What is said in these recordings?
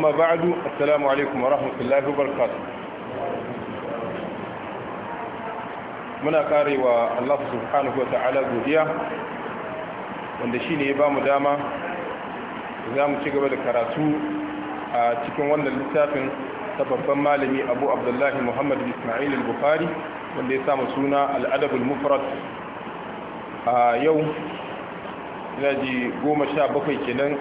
ba'adu baadu asalamu wa rahmatullahi wa وبركاته muna kare wa Allah subhanahu wa ta'ala godiya wanda shine ya bamu dama za mu ci gaba da karatu a cikin wannan littafin ta babban malami abu abdullahi muhammad ismail al-bukhari wanda ya samu suna al'adab al-mufrad a yau yaji goma sha bakwai kenan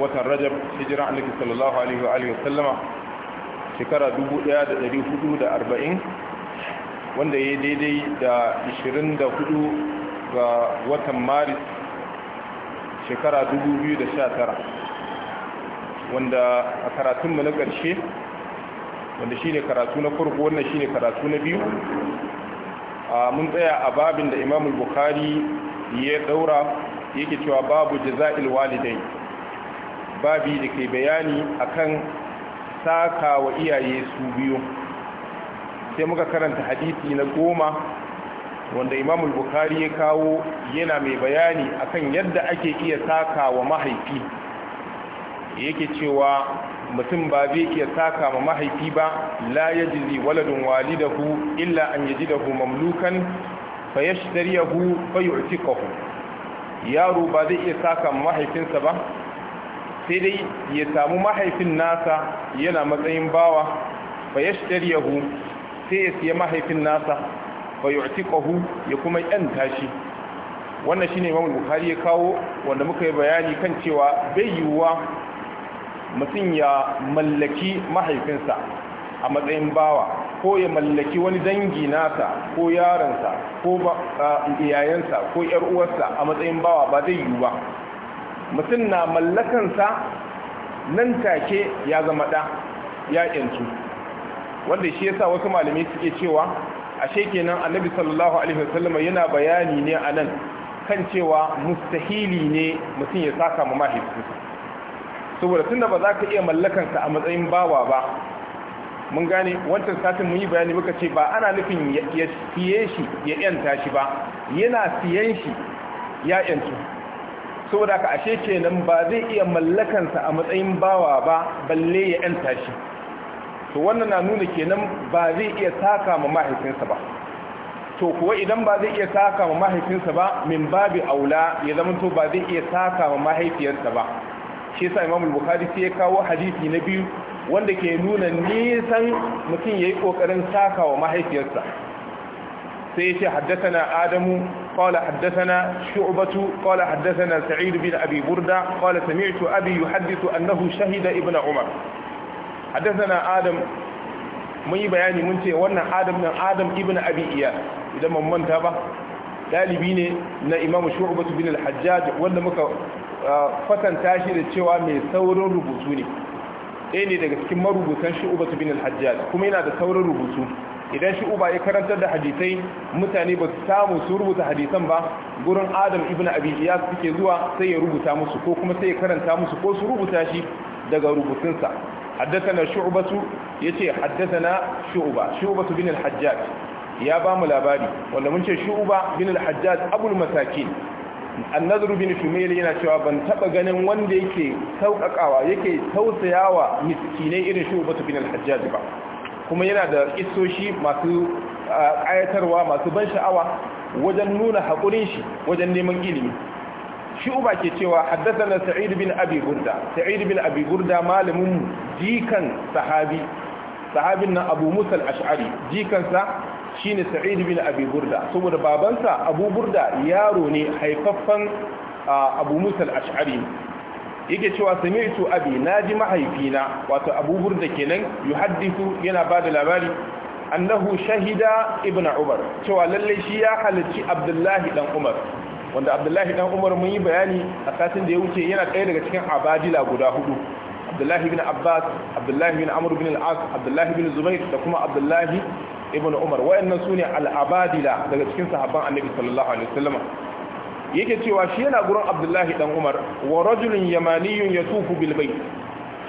watan rajab hijira annabi sallallahu alaihi wa alihi wasallama shekara 1440 wanda ya daidai da 24 ga watan maris shekara 2019 wanda a karatun mu na ƙarshe wanda shine karatu na farko wannan shine karatu na biyu A mun tsaya a babin da imamul bukhari ya daura yake cewa babu jaza'il walidai babi da ke bayani akan saka wa iyaye su biyu sai muka karanta hadisi na goma wanda Imamul bukhari ya kawo yana mai bayani akan yadda ake iya saka wa mahaifi yake cewa mutum ba zai iya saka ma mahaifi ba la ya jizi waladun walidahu illa an yajidahu mamlukan fayashtariyahu fayu'tiqahu yaro ba zai iya saka mahaifinsa ba sai dai ya samu mahaifin nasa yana matsayin bawa fa yahu sai ya siya mahaifin nasa fa yu'tiqahu ya kuma yan tashi wannan shine Imam ya kawo wanda muka yi bayani kan cewa bai yiwuwa mutum ya mallaki mahaifinsa a matsayin bawa ko ya mallaki wani dangi nasa ko yaransa ko iyayensa ko yar'uwarsa a matsayin bawa ba zai yiwu ba mutum na mallakansa nan take ya zama ɗa ya ƴancu. wanda shi yasa wasu malamai suke cewa ashe kenan annabi sallallahu alaihi wasallam yana bayani ne a nan kan cewa mustahili ne mutum ya saka ma mahaifi saboda tunda ba za ka iya mallakansa a matsayin bawa ba mun gane wancan satin mun yi bayani muka ce ba ana nufin ya siye shi ya yanta shi ba yana siyan shi ya ƴancu. saboda ka ashe kenan ba zai iya mallakansa a matsayin bawa ba balle ya yanta shi to wannan na nuna kenan ba zai iya saka ma mahaifinsa ba to kuwa idan ba zai iya saka ma mahaifinsa ba min babi aula ya zama to ba zai iya saka ma mahaifiyarsa ba shi yasa Imam Bukhari sai ya kawo hadisi na biyu wanda ke nuna nisan mutum yayi kokarin saka wa mahaifiyarsa sai ya ce na Adamu قال حدثنا شعبة قال حدثنا سعيد بن أبي بردة قال سمعت أبي يحدث أنه شهد ابن عمر حدثنا آدم mun yi bayani mun ce wannan adam nan adam ibn abi idan man manta ba dalibi ne na imamu shu'batu bin al wanda muka fatanta shi da cewa mai saurin rubutu ne ɗaya ne daga cikin marubutan shu'batu bin al kuma yana da saurin rubutu idan shi uba ya karantar da hadisai mutane ba su samu su rubuta hadisan ba gurin adam ibnu abi iyas suke zuwa sai ya rubuta musu ko kuma sai ya karanta musu ko su rubuta shi daga rubutunsa haddathana shu'batu yace haddathana shu'ba shu'batu bin al-hajjaj ya ba mu labari wanda mun ce shu'ba bin al-hajjaj abul masakin annadru bin shumayl yana cewa ban taba ganin wanda yake sauƙaƙawa yake tausayawa miskinai irin shu'batu bin al-hajjaj ba kuma yana da isoshi masu ayatarwa masu ban sha'awa wajen nuna haƙurin shi wajen neman ilimi shi uba ke cewa haddasa sa'id bin abi gurda sa'id bin abi gurda malamin jikan sahabi sahabin nan abu musal ash'ari jikansa shine sa'id bin abi gurda saboda babansa abu gurda yaro ne haifaffen abu musal ash'ari yake cewa sami'tu abi naji mahaifina wato Abu nan kenan yuhaddithu yana ba da labari annahu shahida ibnu Umar cewa lallai shi ya halarci Abdullahi dan Umar wanda Abdullahi dan Umar mun yi bayani a satin da ya wuce yana ɗaya daga cikin abadila guda hudu Abdullahi ibn Abbas Abdullahi ibn Amr ibn al-As Abdullahi ibn Zubair da kuma Abdullahi ibn Umar wayannan sune al-abadila daga cikin sahabban Annabi sallallahu alaihi wasallam yake cewa shi yana gurin abdullahi dan umar wa rajulun yamaniyun ya tufu bilbai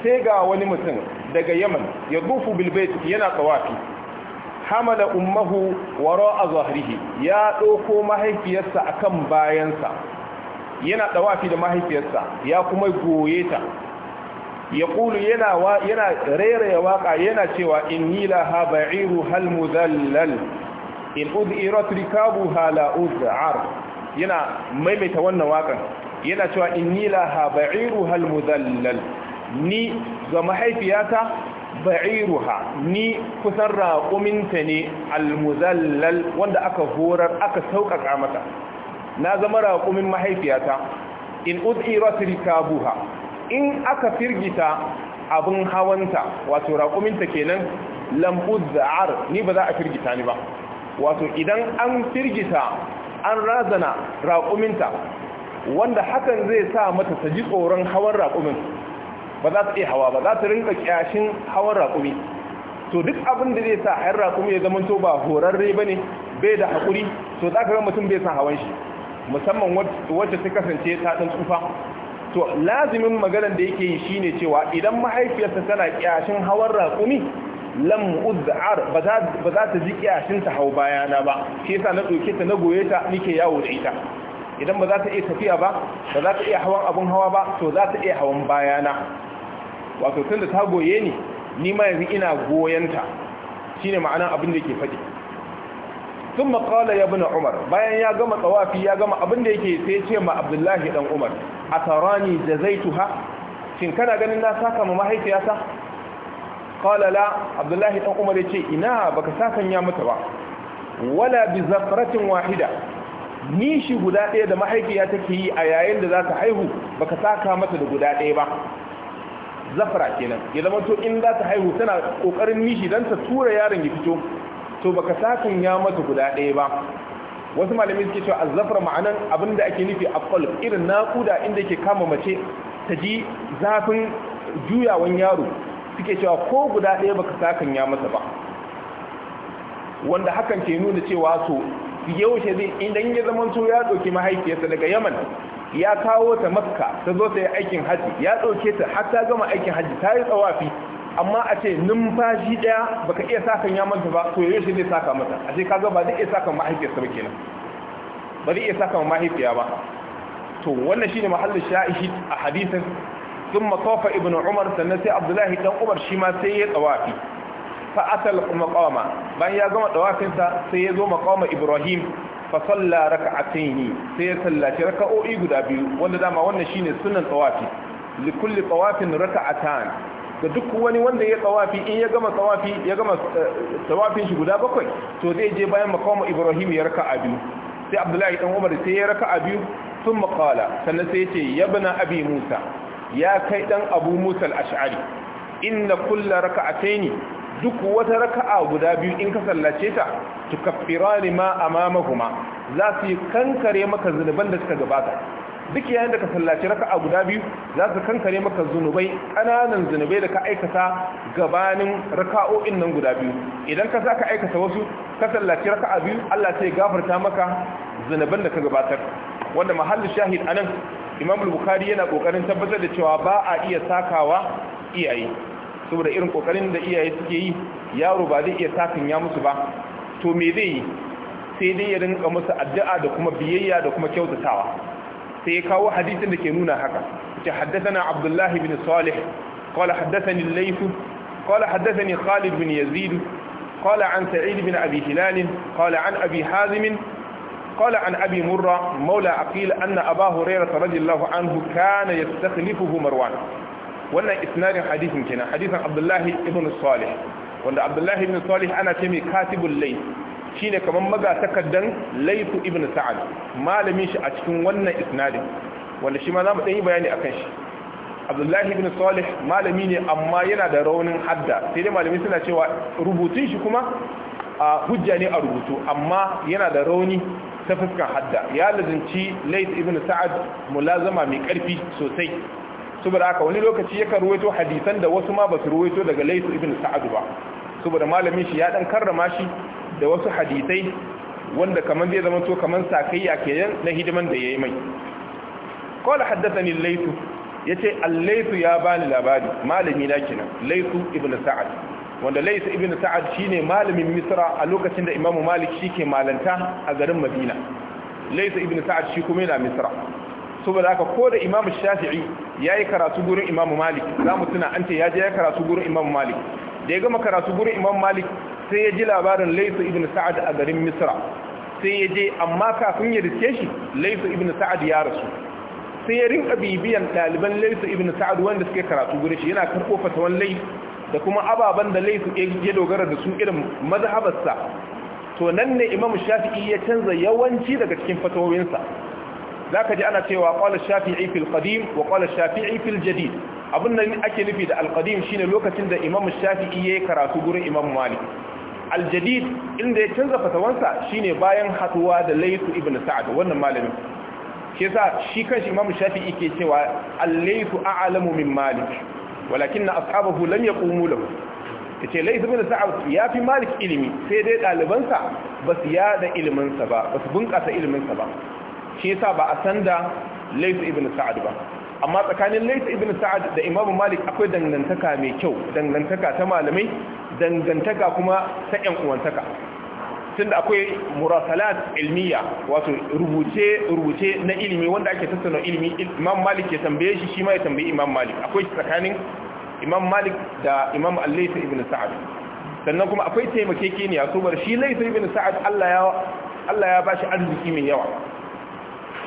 sai ga wani mutum daga yaman ya tufu bilbai yana tsawafi hamala ummahu wara a zahrihi ya ɗauko mahaifiyarsa akan bayansa yana tsawafi da mahaifiyarsa ya kuma goye ta ya kulu yana yana rairaya waka yana cewa inni la ha ba'iru hal mudallal in ud'irat rikabuha la uz'ar yana maimaita wannan wakan yana cewa inni laha ba'iruha almudallal ni ga mahaifiyata ba'iruha ni kusan raƙuminta ne almuzallal wanda aka horar aka sauƙaƙa mata na zama raƙumin mahaifiyata in ud'irat rikabuha in aka firgita abin hawanta wato raƙuminta kenan lambu za'ar ni ba za a firgita ni ba wato idan an firgita an razana raƙuminta wanda hakan zai sa mata ta ji tsoron hawan raƙumin ba za ta iya hawa ba za ta rinka kyashin hawan raƙumi to duk abin da zai sa hayar raƙumi ya zama to ba horarre ba ne bai da haƙuri to za ka ga mutum bai san hawan shi musamman wacce ta kasance ta ɗan tsufa to lazimin maganar da yake yi shine cewa idan mahaifiyarsa tana kyashin hawan raƙumi lam uz'ar ba za ta ji kiyashin ta hau bayana ba shi yasa na ɗauke ta na goye ta nike yawo da ita idan ba za ta iya tafiya ba ba za ta iya hawan abun hawa ba to za ta iya hawan bayana wato tun da ta goye ni ni ma yanzu ina goyanta shine ma'anan abin da ke faɗi sun maƙala ya bina umar bayan ya gama tsawafi ya gama abin da yake sai ce ma abdullahi dan umar a tarani da tuha. shin kana ganin na saka ma mahaifiyata qala la abdullahi ɗan umar ce, ina baka sakan ya mata ba wala bi zafratin wahida nishi guda ɗaya da mahaifiya take yi a yayin da za ta haihu ba sa saka mata da guda ɗaya ba zafra kenan ya zama to in za ta haihu tana ƙoƙarin nishi don ta tura yaron ya fito to baka kan ya mata guda ɗaya ba wasu malamai suke cewa azzafar ma'anan abin da ake nufi a kwalf irin naƙuda inda ke kama mace ta ji zafin juyawan yaro suke cewa ko guda ɗaya baka sakan ya masa ba wanda hakan ke nuna cewa so yaushe zai idan ya zama to ya ɗauki mahaifiyarsa daga yaman ya kawo ta makka ta zo ta yi aikin hajji ya ɗauke ta har ta gama aikin hajji ta yi tsawafi amma a ce numfashi ɗaya baka iya sakan ya masa ba to yaushe zai saka mata a ce kaga ba zai iya sakan mahaifiyarsa ba kenan ba zai iya saka mahaifiya ba to wannan shine mahallin sha'ishi a hadisin ثم طاف ابن عمر سنسي عبد الله بن عمر شيما سي طوافي فاتى المقام بان يا جماعه طوافين سي يزو مقام ابراهيم فصلى ركعتين سي صلى ركعو اي غدا بيو wanda dama wannan shine sunan tawafi likulli tawafin rak'atan da duk wani wanda ya tawafi in ya gama tawafi ya gama tawafin shi guda bakwai to zai je bayan maqam ibrahim ya raka'a biyu sai abdullahi dan umar sai ya raka'a biyu sun qala sannan sai ya ce yabna abi musa ya kai dan abu musa al-ash'ari inna kulla raka'ataini duk wata raka'a guda biyu in ka sallace ta tukaffirani ma amamahuma za su kankare maka zunuban da suka gabata duk yayin da ka sallaci raka'a guda biyu za su kankare maka zunubai ƙananan zunubai da ka aikata gabanin raka'o'in nan guda biyu idan ka aikata wasu ka sallaci raka'a biyu Allah sai gafarta maka zunuban da ka gabatar wanda mahallin shahid anan imam al-bukhari yana kokarin tabbatar da cewa ba a iya sakawa iyaye saboda irin kokarin da iyaye suke yi yaro ba zai iya sakin ya musu ba to me zai yi sai dai ya rinka musu addu'a da kuma biyayya da kuma kyautatawa sai ya kawo hadisin da ke nuna haka ce haddathana abdullah ibn salih qala haddathani al-layth qala haddathani khalid bin yazid qala an sa'id bin abi hilal qala an abi hazim قال عن أبي مرة مولى عقيل أن أبا هريرة رضي الله عنه كان يستخلفه مروان wannan isnadin hadisin kenan hadisin abdullahi ibn salih wanda abdullahi ibn salih ana ce mai katibul lay shine kaman maga magatakaddan layth ibn sa'ad malamin shi a cikin wannan isnadin wanda shi ma zamu dan yi bayani akan shi abdullahi ibn salih malami ne amma yana da raunin hadda sai dai malami suna cewa rubutun shi kuma a hujja ne a rubutu amma yana da rauni ta fuska hadda ya lazinci laisu ibn sa'ad mulazama mai karfi sosai saboda haka wani lokaci yakan ruwaito hadisan da wasu ma ba su ruwaito daga laisu ibn sa'ad ba saboda malamin shi ya dan karrama shi da wasu hadisai wanda kaman zai zama to kaman sakayya kenan na hidiman da yayi mai qala haddathani al yace al-layth ya bani labari malami na kenan laisu ibn sa'ad wanda Laisa ibn sa'ad shine malamin misra a lokacin da imamu malik shike malanta a garin madina Laisa ibn sa'ad shi kuma yana misra saboda haka ko da imamu shafi'i yayi karatu gurin imamu malik zamu tuna an ce ya je ya karatu gurin imamu malik da ya gama karatu gurin imamu malik sai ya ji labarin Laisa ibn sa'ad a garin misra sai ya je amma kafin ya riske shi Laisa ibn sa'ad ya rasu sai ya rinka bibiyan ɗaliban Laisa ibn sa'ad wanda suke karatu gurin shi yana karɓo fatawan lais da kuma ababen da laifin ya dogara da su irin mazhabarsa to nan ne imam shafi'i ya canza yawanci daga cikin fatawoyinsa zaka ji ana cewa qala shafi'i fil qadim wa qala shafi'i fil jadid abin nan ake nufi da al qadim shine lokacin da imam shafi'i yayi karatu gurin imam malik al jadid inda ya canza fatawansa shine bayan hatuwa da laifin ibn sa'd wannan malamin shi yasa shi kanshi imam shafi'i ke cewa al laifu a'lamu min malik walakinna ashabahu lam yaqumu lahu tace lai zubin sa'ad ya fi malik ilimi sai dai dalibansa ba su da ilimin sa ba ba su bunkasa ilimin sa ba shi yasa ba a san da laysa ibn sa'ad ba amma tsakanin lais ibn sa'ad da imamu malik akwai dangantaka mai kyau dangantaka ta malamai dangantaka kuma ta yan uwantaka tunda akwai murasalat ilmiya wato rubuce rubuce na ilimi wanda ake tattauna ilimi imam malik ya tambaye shi shi ma ya tambayi imam malik akwai tsakanin imam malik da imam al-layth ibn sa'ad sannan kuma akwai taimakekeniya saboda shi layth ibn sa'ad Allah ya Allah ya bashi arziki mai yawa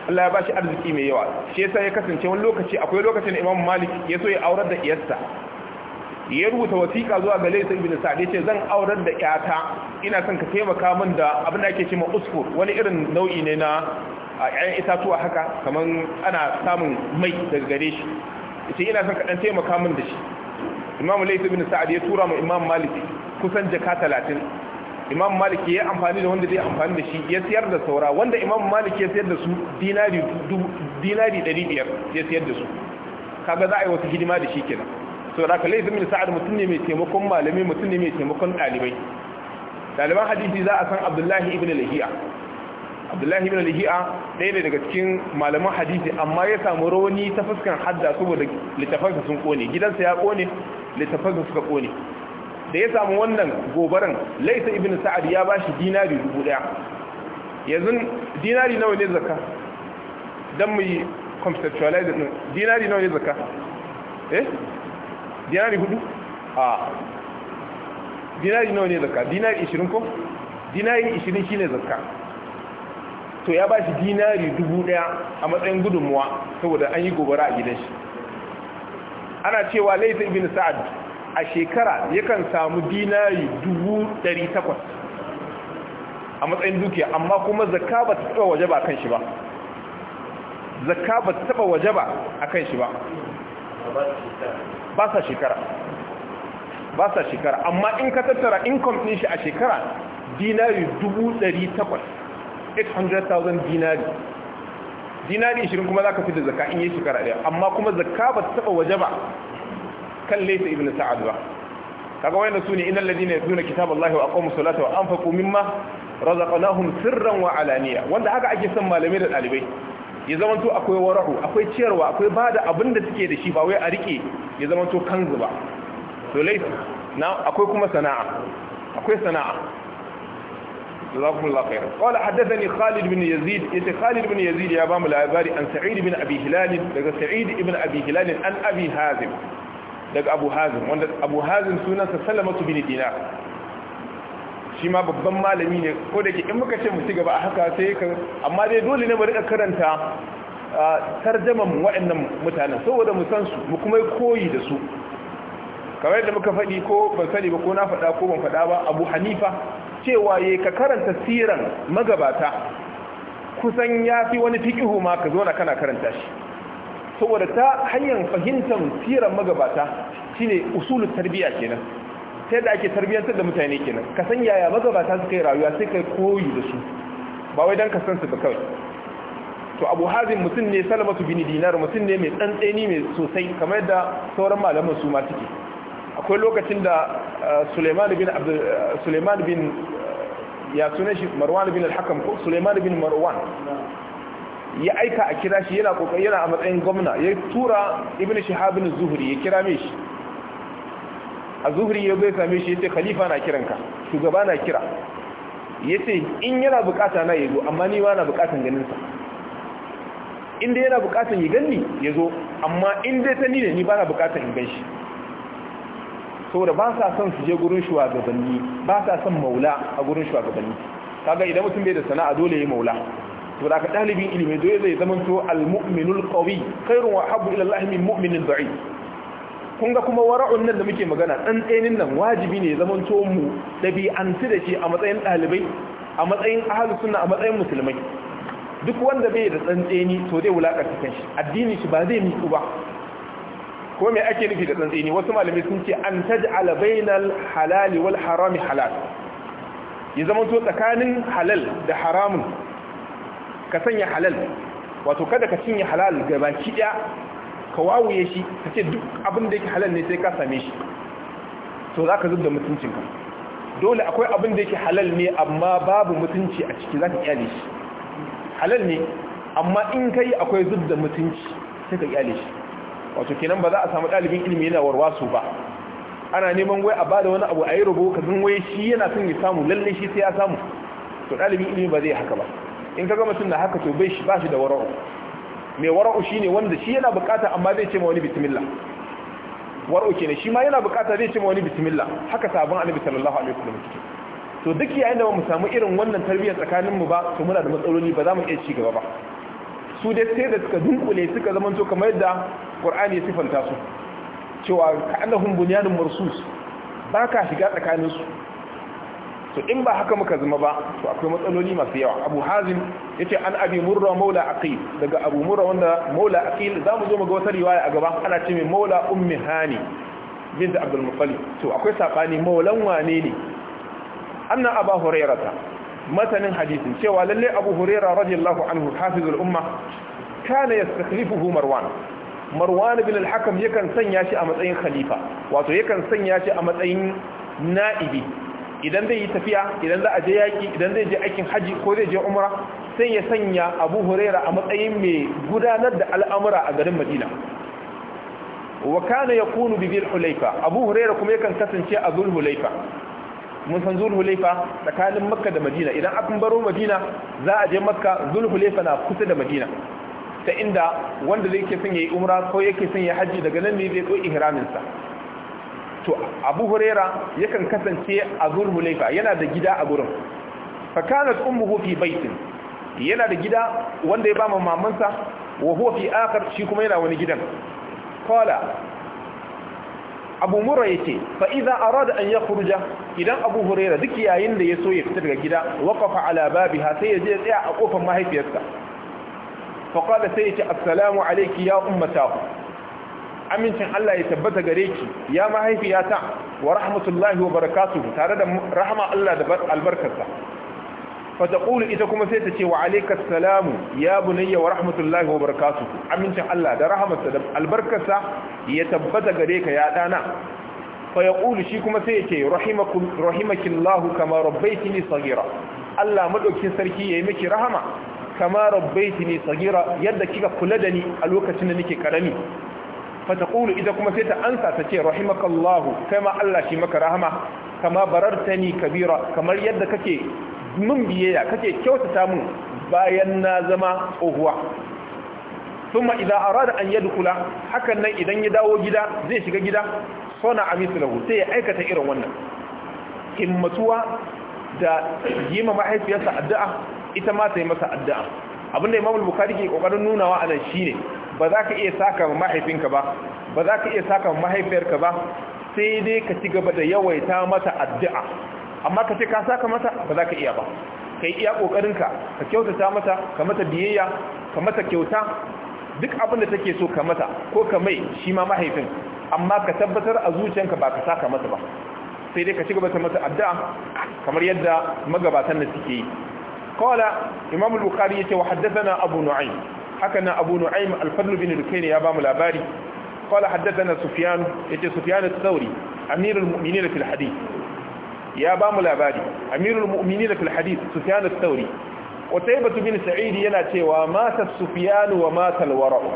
Allah ya bashi arziki mai yawa shi yasa ya kasance wani lokaci akwai lokacin imam malik ya so ya aurar da iyarsa ya rubuta wasiƙa zuwa ga Laysa ibn Sa'd yace zan aurar da ƴata ina son ka taimaka min da abin da ake cewa usfur wani irin nau'i ne na ƴaƴan itatuwa haka kaman ana samun mai daga gare shi yace ina son ka dan taimaka min da shi Imam Laysa ibn Sa'd ya tura ma Imam Malik kusan jaka 30 Imam Malik ya amfani da wanda zai amfani da shi ya siyar da saura wanda Imam Malik ya siyar da su dinari dinari 500 ya siyar da su kaga za a yi wasu hidima da shi kenan so da laifin min sa'ad mutum ne mai taimakon malami mutum ne mai taimakon ɗalibai ɗaliban hadisi za a san abdullahi ibn lahiya abdullahi ibn lahiya ɗaya ne daga cikin malaman hadisi amma ya samu rauni ta fuskan hadda saboda littafansa sun kone gidansa ya kone littafansa suka kone da ya samu wannan gobaran laifin ibn sa'ad ya bashi dinari dubu ɗaya yanzu dinari nawa ne Zaka don mu yi conceptualize din dinari nawa ne Zaka eh dinari hudu a dinari nawa ne zakka dinari ishirin ko dinari ishirin shine zakka to ya ba shi dinari dubu daya a matsayin gudunmuwa saboda an yi gobara a gidan shi ana cewa laifin ibn sa'ad a shekara yakan samu dinari dubu dari takwas a matsayin dukiya amma kuma zakka ba ta taba waje ba a kan shi ba zakka ba ta taba waje ba a kan shi ba ba sa shekara ba sa shekara amma in ka tattara income ɗin shi a shekara dinari 800,000 dinari dinari 20 kuma za ka fi da zaka in yi shekara daya amma kuma zaka ba ta taɓa waje ba kan laisa ibn sa'ad ba kaga wayanda su ne inal ladina yaduna kitaballahi wa aqamu salata wa anfaqu mimma razaqnahum sirran wa alaniya wanda haka ake son malamai da dalibai ya zama zamanto akwai warahu akwai ciyarwa akwai ba da abin da suke da shi ba wai a rike ya zama zamanto kan zuba to laifin na akwai kuma sana'a akwai sana'a jazakum Allah khair qala hadathani Khalid bin Yazid yace Khalid bin Yazid ya ba mu labari an Sa'id bin Abi Hilal daga Sa'id ibn Abi Hilal an Abi Hazim daga Abu Hazim wanda Abu Hazim sunansa Salamatu bin Dinar shi ma babban malami ne ko da ke in muka ce mu ci gaba a haka sai ka amma dai dole ne mu rika karanta tarjaman waɗannan mutanen saboda mu san su mu kuma koyi da su kamar yadda muka faɗi ko ban sani ba ko na faɗa ko ban faɗa ba Abu Hanifa cewa yayi ka karanta siran magabata kusan ya fi wani fikihu ma ka zo na kana karanta shi saboda ta hanyar fahimtar siran magabata shine usulul tarbiyya kenan ta yadda ake tarbiyyantar da mutane kenan ka san yaya magabata suka yi rayuwa sai kai koyi da su ba wai don ka san su ba kawai to abu hazin mutum ne salamatu bini dinar mutum ne mai tsantseni mai sosai kamar yadda sauran malaman su ma ke. akwai lokacin da eh, suleiman bin eh, suleiman bin eh, ya marwan bin al ko suleiman bin marwan ya aika a kira shi yana kokari yana a matsayin gwamna ya tura ibn shihab bin zuhri ya kira mai shi a zuhuri ya bai same shi ya ce khalifa na kiranka shugaba na kira ya ce in yana bukata na ya zo amma ni ba na bukatan ganinsa inda yana bukatan ya ganni ya zo amma inda ta ni ni ba na bukatan in ganshi shi saboda ba sa son su je gurin shugabanni ba sa son maula a gurin shugabanni kaga idan mutum bai da sana'a dole ya maula saboda aka dalibin ilimi dole zai zama to al-mu'minul qawi khairun wa habbu ila allahi min mu'minin da'i kun ga kuma wara'un nan da muke magana tsenin nan wajibi ne zaman mu an da shi a matsayin ɗalibai a matsayin ahalu suna a matsayin musulmai duk wanda bai da tsantseni to zai ta kanshi addini shi ba zai miƙu ba ko me ake nufi da tsantseni wasu malamai sun ce an taj'ala bainal halali wal harami halal ya zama to tsakanin halal da haramun ka sanya halal wato kada ka cinye halal baki ɗaya ka wawuye shi ka ce duk abin da yake halal ne sai ka same shi to za ka zub da mutuncinka dole akwai abin da yake halal ne amma babu mutunci a ciki za ka kyale shi halal ne amma in ka yi akwai zub da mutunci sai ka kyale shi wato kenan ba za a samu ɗalibin ilimi yana warwaso ba ana neman wai a bada wani abu a yi rubu ka zan wai shi yana son ya samu lalle shi sai ya samu to ɗalibin ilimi ba zai haka ba in ka ga mutum na haka to bai shi ba shi da wara'u mai wara'u shine wanda shi yana bukata amma zai ce ma wani bismillah wara'u kenan shi ma yana bukata zai ce ma wani bismillah haka sabon annabi sallallahu alaihi wasallam kike to duk yayin da mu samu irin wannan tarbiyyar tsakanin mu ba to muna da matsaloli ba za mu iya ci gaba ba su dai sai da suka dunkule suka zama to kamar yadda Qur'ani ya sifanta su cewa ka annahum bunyanun marsus baka shiga tsakanin su to in ba haka muka zama ba to akwai matsaloli masu yawa abu hazim yace an abi murra maula aqil daga abu murra wanda maula aqil mu zo mu ga wata riwaya a gaba ana ce mai maula ummi hani bint abdul muttalib to akwai sabani maulan wane ne anna aba hurairata matanin hadisin cewa lalle abu hurairah radiyallahu anhu hafizul umma kana yastakhlifuhu marwan marwan bin al-hakam yakan sanya shi a matsayin khalifa wato yakan sanya shi a matsayin na'ibi idan zai yi tafiya idan za a je yaki idan zai je aikin haji ko zai je umra sai ya sanya abu huraira a matsayin mai gudanar da al'amura a garin madina wa kana kunu bi dhil hulaifa abu huraira kuma yakan kasance a dhul hulaifa mun san zul hulaifa tsakanin makka da madina idan akan baro madina za a je makka zul hulaifa na kusa da madina ta inda wanda zai ke son yi umra ko yake son ya haji daga nan ne zai koi ihramin to abu huraira yakan kasance a hulaifa yana da gida a gurin fakanat ummuhu fi baitin yana da gida wanda ya bama mamansa wa hufi fi shi kuma yana wani gidan Kola. abu mura yace fa idza arada an yakhruja idan abu huraira duk yayin da ya so ya fita daga gida wakafa alababi babiha sai yaje tsaya a kofar mahaifiyarsa fa qala sai ce, assalamu alaiki ya ummatahu amincin Allah ya tabbata gare ki ya mahaifiyata wa rahmatullahi wa barakatuhu tare da rahama Allah da albarkarsa fa taqulu ita kuma sai ta ce wa alayka assalamu ya bunayya wa rahmatullahi wa barakatuhu amincin Allah da rahamarsa da albarkarsa ya tabbata gare ka ya dana fa yaqulu shi kuma sai ya ce rahimakum rahimakillahu kama rabbaytini saghira Allah madaukin sarki yayi miki rahama kama ne sagira yadda kika kula da ni a lokacin da nake karami fataƙulu ita kuma sai ta ansa ta ce rahimakallahu kai ma Allah shi maka rahama kama bararta ni kabira kamar yadda kake mun biyayya kake kyautata mun bayan na zama tsohuwa sun ma idan arada an yadda kula hakan nan idan ya dawo gida zai shiga gida sona a misu lagu sai ya aikata irin wannan himmatuwa da yi ma mahaifiyarsa addu'a ita ma ta yi masa addu'a Abin abinda imamul bukari ke kokarin nunawa a nan ne. ba za ka iya saka mahaifinka ba ba za ka iya saka mahaifiyarka ba sai dai ka ci gaba da yawaita mata addu'a amma ka ce ka saka mata ba za ka iya ba ka yi iya ƙoƙarinka ka kyautata mata ka mata biyayya ka mata kyauta duk abin da take so ka mata ko ka mai shi ma mahaifin amma ka tabbatar a zuciyarka ba ka saka mata ba sai dai ka ci gaba ta mata addu'a kamar yadda magabatan da suke yi qala imam al-bukhari yace wa haddathana abu nu'aym haka na abu nu'aym al bin dukayn ya bamu labari qala haddathana sufyan yace sufyan al-thawri amirul mu'minin fil hadith ya bamu labari amirul mu'minin fil hadith sufyan al-thawri qutaybah bin sa'id yana cewa mata sufyan wa mata al-wara'u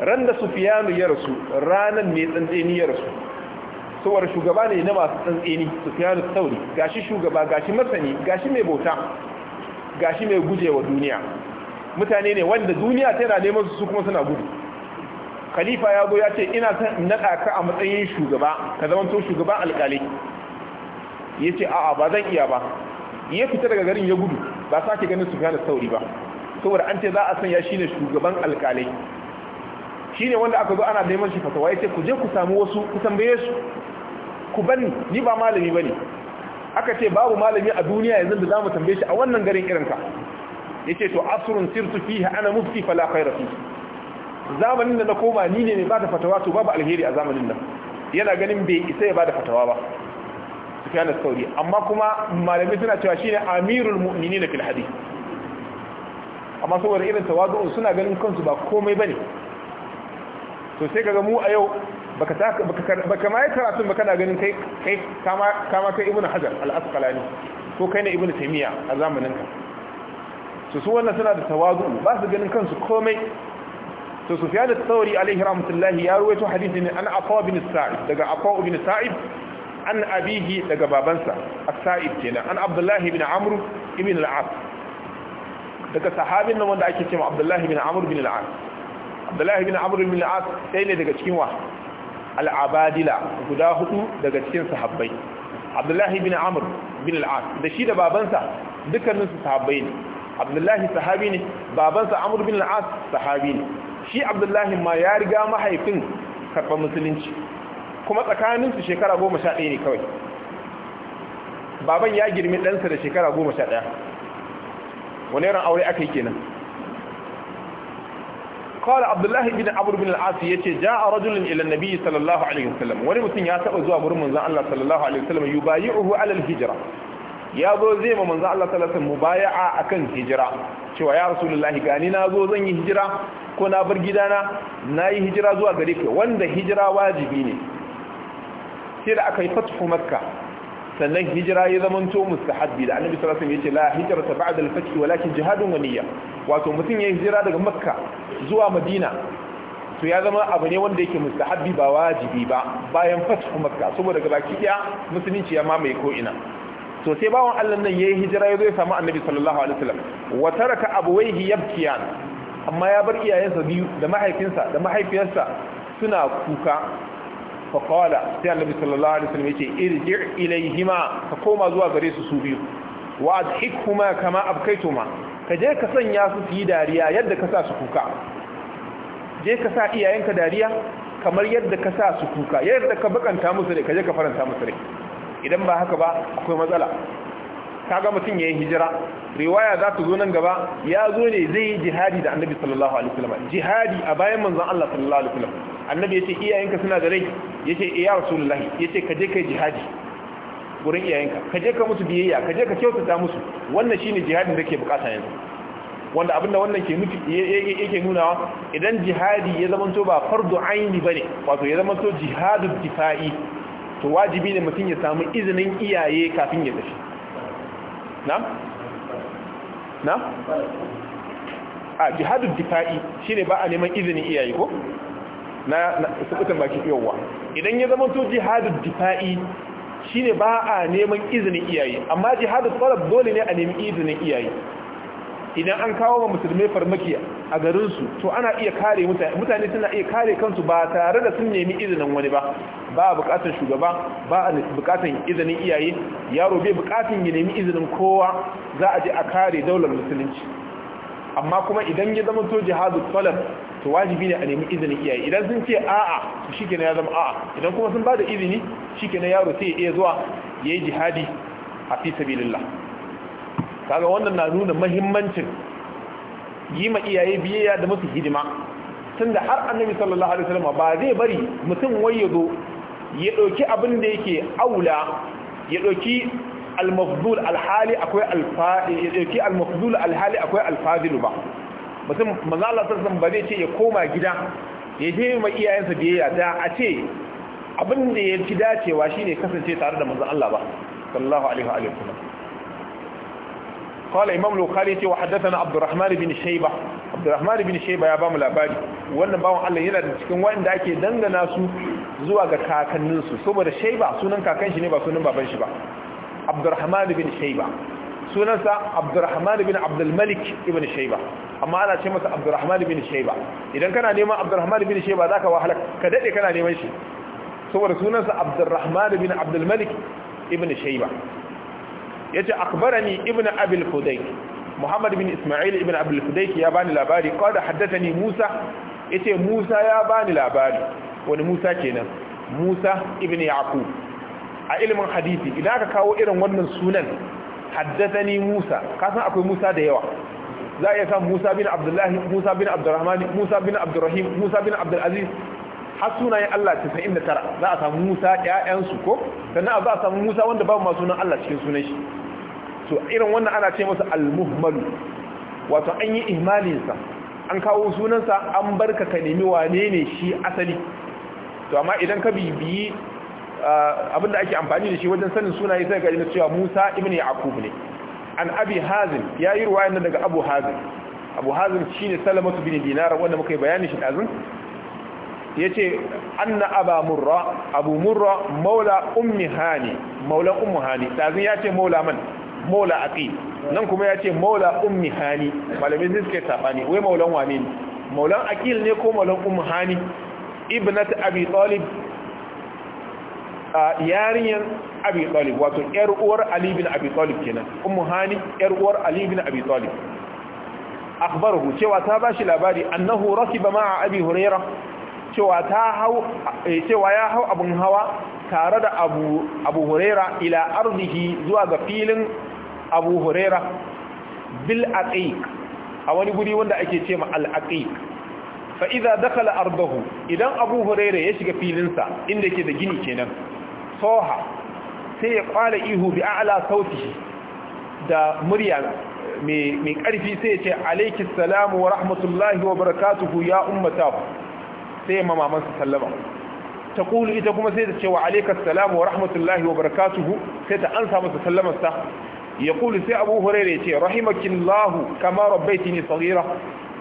randa sufyan ya rasu ranan ne tsantseni ya rasu sawar shugaba ne na masu tsantseni sufyan al-thawri gashi shugaba gashi masani gashi mai bauta gashi mai gujewa duniya mutane ne wanda duniya tana neman su kuma suna gudu khalifa ya zo ya ce ina son in naɗa ka a matsayin shugaba ka zama to shugaban alƙali ya ce a'a ba zan iya ba ya fita daga garin ya gudu ba sake ganin su da sauri ba saboda an ce za a sanya shi ne shugaban alƙalai shi ne wanda aka zo ana neman shi fatawa ya ce ku je ku samu wasu ku tambaye su ku bani ni ba malami ba ne aka ce babu malami a duniya yanzu da za mu tambaye shi a wannan garin irinka ce to asrun sirtu fihi ana mufti fala khayra fi zamanin da na koma ni ne mai bada fatawa to babu alheri a zamanin nan yana ganin bai isa ya bada fatawa ba sufyan al-thawri amma kuma malamai suna cewa shine amirul mu'minin fil hadith amma saboda irin tawazu'un suna ganin kansu ba komai bane to sai kaga mu a yau baka baka mai karatun ba kana ganin kai kai kama kama kai ibnu hajar al-asqalani ko kai ne ibnu taymiya a zamanin ka to su wannan suna da tawazu ba su ganin kansu komai to sufyan al-thawri alaihi rahmatullahi ya ruwaito hadisi ne an aqwa bin sa'id daga aqwa bin sa'id an abihi daga babansa as-sa'id kenan an abdullahi bin amr ibn al-as daga sahabin nan wanda ake cewa abdullahi bin amr bin al-as abdullahi bin amr bin al-as sai ne daga cikin wa al-abadila guda hudu daga cikin sahabbai abdullahi bin amr bin al-as da shi da babansa dukkanin sahabbai ne abdullahi sahabi ne babansa amur bin al'as sahabi ne shi abdullahi ma ya riga mahaifin karɓar musulunci kuma tsakaninsu shekara goma sha ɗaya ne kawai baban ya girmi ɗansa da shekara goma sha ɗaya wani yaran aure aka yi kenan kawai abdullahi bin amur bin al'as ya ce ja a rajulun ilan nabi sallallahu alaihi wasallam wani mutum ya taɓa zuwa gurin manzan allah sallallahu alaihi wasallam yubayi'uhu alal hijira ya zo zai ma manzo Allah sallallahu alaihi mubaya'a akan hijira cewa ya rasulullahi gani na zo zan yi hijira ko na bar gidana na yi hijira zuwa gare ka wanda hijira wajibi ne sai da aka yi fathu makka sannan hijira ya zama to mustahabbi da annabi sallallahu alaihi wasallam ce la hijrata ba'da al-fath walakin jihadun wa niyya wato mutum ya hijira daga makka zuwa madina to ya zama abu ne wanda yake mustahabbi ba wajibi ba bayan fathu makka saboda gabaki daya musulunci ya mamaye ko ina to sai bawon Allah nan yayi hijira ya zo ya samu annabi sallallahu alaihi wasallam wa taraka abawayhi yabkiyan amma ya bar iyayensa biyu da mahaifinsa da mahaifiyarsa suna kuka fa qala sai annabi sallallahu alaihi wasallam yace irji ilaihima ka koma zuwa gare su su biyu wa adhikhuma kama abkaituma ka je ka sanya su su yi dariya yadda ka sa su kuka je ka sa iyayenka dariya kamar yadda ka sa su kuka yadda ka bakanta musu rai ka je ka faranta musu rai idan ba haka ba akwai matsala kaga mutum ya yi hijira riwaya za ta zo nan gaba ya zo ne zai yi jihadi da annabi sallallahu alaihi wasallam jihadi a bayan manzon Allah sallallahu alaihi wasallam annabi yace iyayenka suna da rai yace ya rasulullahi yace ka je kai jihadi gurin iyayenka ka je ka musu biyayya ka je ka kyautata musu wannan shine jihadin da ke bukata yanzu wanda abinda wannan ke nufi yake nunawa idan jihadi ya zamanto ba fardu aini bane wato ya zamanto jihadul difa'i to wajibi ne mutum ya samu izinin iyaye kafin ya tafi na? na? a jihadun difa'i ne ba a neman izinin iyaye ko? na sukutan baki yawwa idan ya zama to jihadun difa'i ne ba a neman izinin iyaye amma jihadun tsarar dole ne a nemi izinin iyaye idan an kawo wa musulmai farmaki a garinsu to ana iya kare mutane mutane suna iya kare kansu ba tare da sun nemi izinin wani ba ba a bukatar shugaba ba a bukatar izinin iyaye yaro bai bukatar ya nemi izinin kowa za a je a kare daular musulunci amma kuma idan ya zama to jihadu talab to wajibi ne a nemi izinin iyaye idan sun ce a'a to shikenan ya zama a'a idan kuma sun ba da izini shikenan yaro sai ya iya zuwa yayi jihadi a fi sabilillah kaga wannan na nuna mahimmancin yi ma iyaye biyayya da musu hidima tunda har annabi sallallahu alaihi wasallam ba zai bari mutum waye ya zo ya dauki abin da yake aula ya dauki al-mafdul al-hali akwai al-fadi ya dauki al-mafdul al-hali akwai al-fadil ba mutum manzo Allah sallallahu alaihi wasallam ba zai ce ya koma gida ya je ma iyayensa biyayya da a ce abin da ya ci dacewa shine kasance tare da manzo Allah ba sallallahu alaihi wa sallam قال امام البخاري ce wa haddathana abdurrahman bin shayba abdurrahman bin shayba ya bamu labari wannan bawon Allah yana da cikin wanda ake dangana su zuwa ga kakannin su saboda Shaiba sunan kakan shi ne ba sunan baban shi ba abdurrahman bin shayba sunansa abdurrahman bin abdul malik ibn Shaiba amma ana ce masa abdurrahman bin Shaiba idan kana neman abdurrahman bin shayba zaka wahala ka dade kana neman shi saboda sunansa abdurrahman bin abdul malik ibn Shaiba. yace akhbarani ibn abil hudayk muhammad bin isma'il ibn abil hudayk ya bani labari haddata ni musa yace musa ya bani labari wani musa kenan musa ibn yaku a ilimin hadisi idan aka kawo irin wannan sunan haddathani musa kasan akwai musa da yawa za a iya samun musa bin abdullahi musa bin abdurrahman musa bin abdurrahim musa bin abdulaziz har sunayen Allah 99 za a samu Musa ƴaƴansu ko sannan za a samu Musa wanda babu ma sunan Allah cikin sunan shi to irin wannan ana ce masa al-muhmalu wato an yi sa an kawo sunansa an barka ka nemi wane ne shi asali to amma idan ka bibiyi ah, abinda ake amfani da shi wajen sanin sunaye sai ga ina cewa Musa ibn Yaqub ne an Abi Hazim yayi ruwaya nan daga Abu Hazim Abu Hazim shine Salamatu bin Dinar wanda muka yi bayani shi dazun yace anna Aba Murra Abu Murra maula ummi Hani maula ummi Hani dazun yace maula man maula aqi nan kuma ya ce maula ummi hani malamai sun suke sabani wai maulan wane ne maulan aqil ne ko maulan ummi hani ibnat abi talib a yarinyan abi talib wato yar uwar ali bin abi talib kenan ummi hani yar uwar ali bin abi talib akhbaruhu cewa ta bashi labari annahu rakiba ma'a abi huraira cewa ta hau eh, cewa ya hau abun hawa tare da abu abu huraira ila ardihi zuwa ga filin abu huraira bil aqiq a wani guri wanda ake ce ma al aqiq fa idza dakhala ardahu idan abu huraira ya shiga filin sa inda yake da gini kenan soha sai ya kwala ihu bi a'la sautihi da murya mai karfi sai ya ce alaikis salamu wa rahmatullahi wa barakatuhu ya ummata sai ya mama masa sallama ta kulu ita kuma sai ta ce wa alaikar salamu wa rahmatullahi wa barakatuhu sai ta ansa masa sallamarsa yaqulu sai abu hurairah yace rahimakillahu kama rabbaitini saghira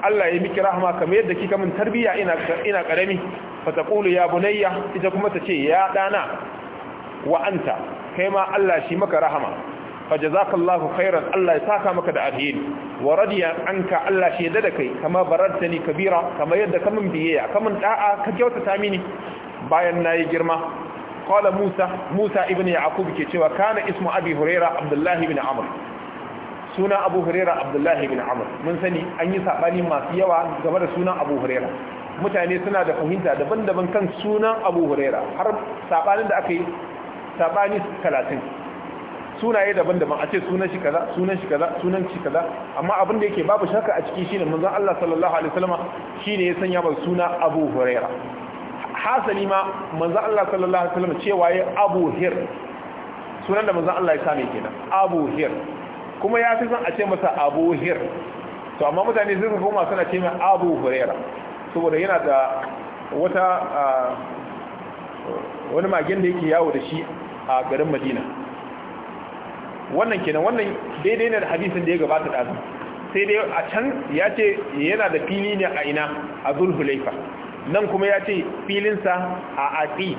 Allah ya miki rahama kama yadda kika min tarbiya ina ina karami fa taqulu ya bunayya ita kuma ta ce ya ɗana. wa anta kai ma Allah shi maka rahama fa jazakallahu khairan Allah ya saka maka da alheri wa radiya anka Allah shi ya da kai kama baradtani kabira kamar yadda ka min biyayya ka ɗa'a, da'a ka kyautata mini bayan na yi girma qala Musa Musa ibn Yaqub ke cewa kana ismu Abi Huraira Abdullah ibn Amr suna Abu Huraira Abdullahi ibn Amr mun sani an yi sabani masu yawa game da sunan Abu Huraira mutane suna da fahimta daban-daban kan sunan Abu Huraira har sabanin da aka yi sabani 30 sunaye daban-daban a ce sunan shi kaza sunan shi kaza sunan shi kaza amma abin da yake babu shakka a ciki shine manzon Allah sallallahu alaihi wasallam shine ya sanya ba suna Abu Huraira hasali ma manzo Allah sallallahu alaihi wasallam cewa ya Abu Hir sunan da manzo Allah ya same kenan Abu Hir kuma ya fi son a ce masa Abu Hir to amma mutane sun koma suna ce mai Abu Huraira saboda yana da wata wani magen da yake yawo da shi a garin Madina wannan kenan wannan daidai ne da hadisin da ya gabata da sai dai a can ya ce yana da fili ne a ina a Zulhulaifa nan kuma ya ce filinsa a aqiq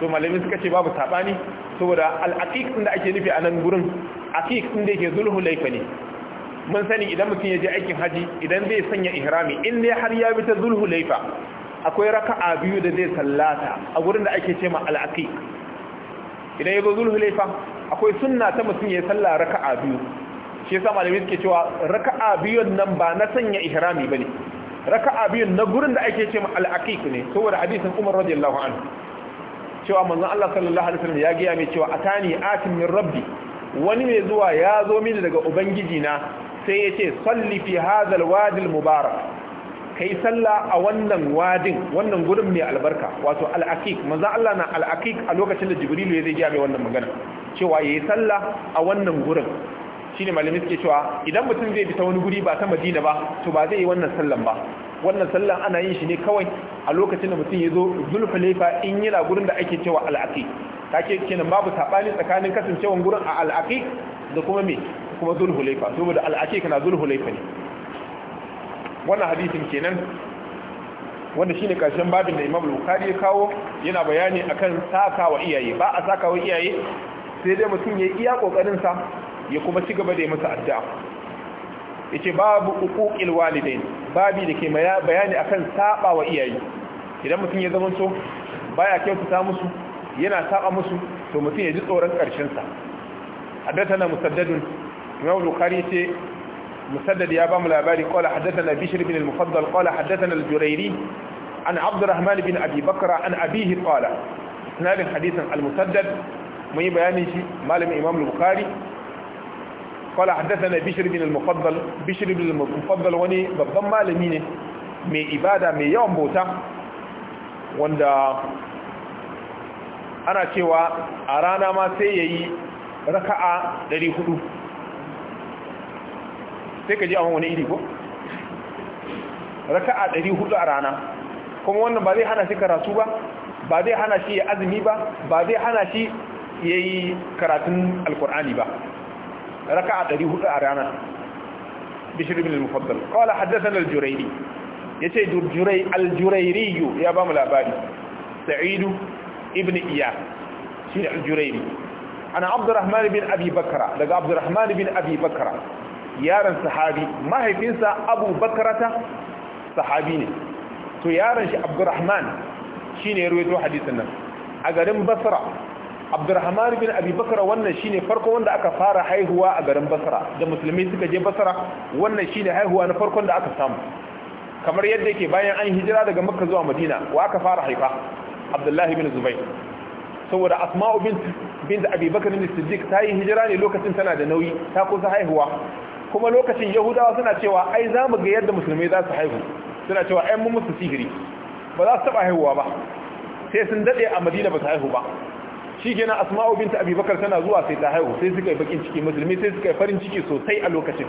to malamin suka ce babu sabani saboda al-aqiq din da ake nufi a nan gurin aqiq din da yake zulhu laifa ne mun sani idan mutum ya je aikin haji idan zai sanya ihrami in dai har ya bi ta zulhu laifa akwai raka'a biyu da zai sallata a gurin da ake ce ma al-aqiq idan ya zo zulhu laifa akwai sunna ta mutum ya salla raka'a biyu shi yasa malami suke cewa raka'a biyun nan ba na sanya ihrami bane raka'a biyun na gurin da ake ce al-aqiq ne saboda hadisin Umar radiyallahu anhu cewa manzon Allah sallallahu alaihi wasallam ya ga mai cewa atani atin min rabbi wani mai zuwa ya zo mini daga ubangiji na sai ya ce salli fi hadhal wadi al-mubarak kai salla a wannan wadin wannan gurin mai albarka wato al-aqiq manzon Allah na al-aqiq a lokacin da Jibrilu ya zai ga mai wannan magana cewa yayi salla a wannan gurin shine malamin suke cewa idan mutum zai bi ta wani guri ba ta Madina ba to ba zai yi wannan sallan ba wannan sallan ana yin shi ne kawai a lokacin da mutum ya zo laifa in yana gurin da ake cewa al'aqi take kenan babu sabani tsakanin kasancewan gurin a al'aqi da kuma me kuma zulhulaifa saboda al'aqi kana laifa ne wannan hadisin kenan wanda shine karshen babin da Imam Bukhari ya kawo yana bayani akan sakawa iyaye ba a sakawa iyaye sai dai mutum ya iya kokarin sa ya kuma ci gaba da yi masa addu'a yace babu uquqil walidai babi ke bayani akan saba wa iyaye idan mutum ya zama so baya kyautata musu yana saba musu to mutum ya ji tsoron ƙarshensa sa haddathana musaddadun imam bukhari ce musaddad ya ba mu labari qala haddathana bishr bin al-mufaddal qala haddathana al-jurayri an abdurrahman bin abi bakra an abihi qala sanadin hadithan al-musaddad mun yi bayanin shi malamin imam al قال حدثنا بشر بن المفضل بشر بن المفضل وني babban malami ne mai ibada mai yawan bauta wanda ana cewa a rana ma sai ya yi raka'a 400 sai ka ji an wani iri ko raka'a 400 a rana kuma wannan ba zai hana shi karatu ba ba zai hana shi ya azumi ba ba zai hana shi ya yi karatun alkur'ani ba raka'a 400 a ranar bishir ibn al-mufaddal qala haddathana al-jurayri yace durjurai al-jurayri ya ba mu labari Sa'idu ibn iyas shi al-jurayri ana abdurrahman bin abi daga abdurrahman bin abi bakra yaron sahabi mahaifinsa abu bakrata sahabi ne to yaron shi abdurrahman shine ya ruwaito hadisin nan a garin basra abdurrahman bin abi bakar wannan shine farko wanda aka fara haihuwa a garin basra da musulmi suka je basra wannan shine haihuwa na farkon da aka samu kamar yadda yake bayan an hijira daga makka zuwa madina wa aka fara haifa abdullahi bin zubair saboda asma'u bint bint abi bakar bin siddiq ta yi hijira ne lokacin tana da nauyi ta kusa haihuwa kuma lokacin yahudawa suna cewa ai za mu ga yadda musulmai za su haihu suna cewa ai mun musu sihiri ba za su taba haihuwa ba sai sun dade a madina ba su haihu ba shi shikenan asma'u binta abubakar tana zuwa sai ta haihu sai suka yi bakin ciki musulmi sai suka yi farin ciki sosai a lokacin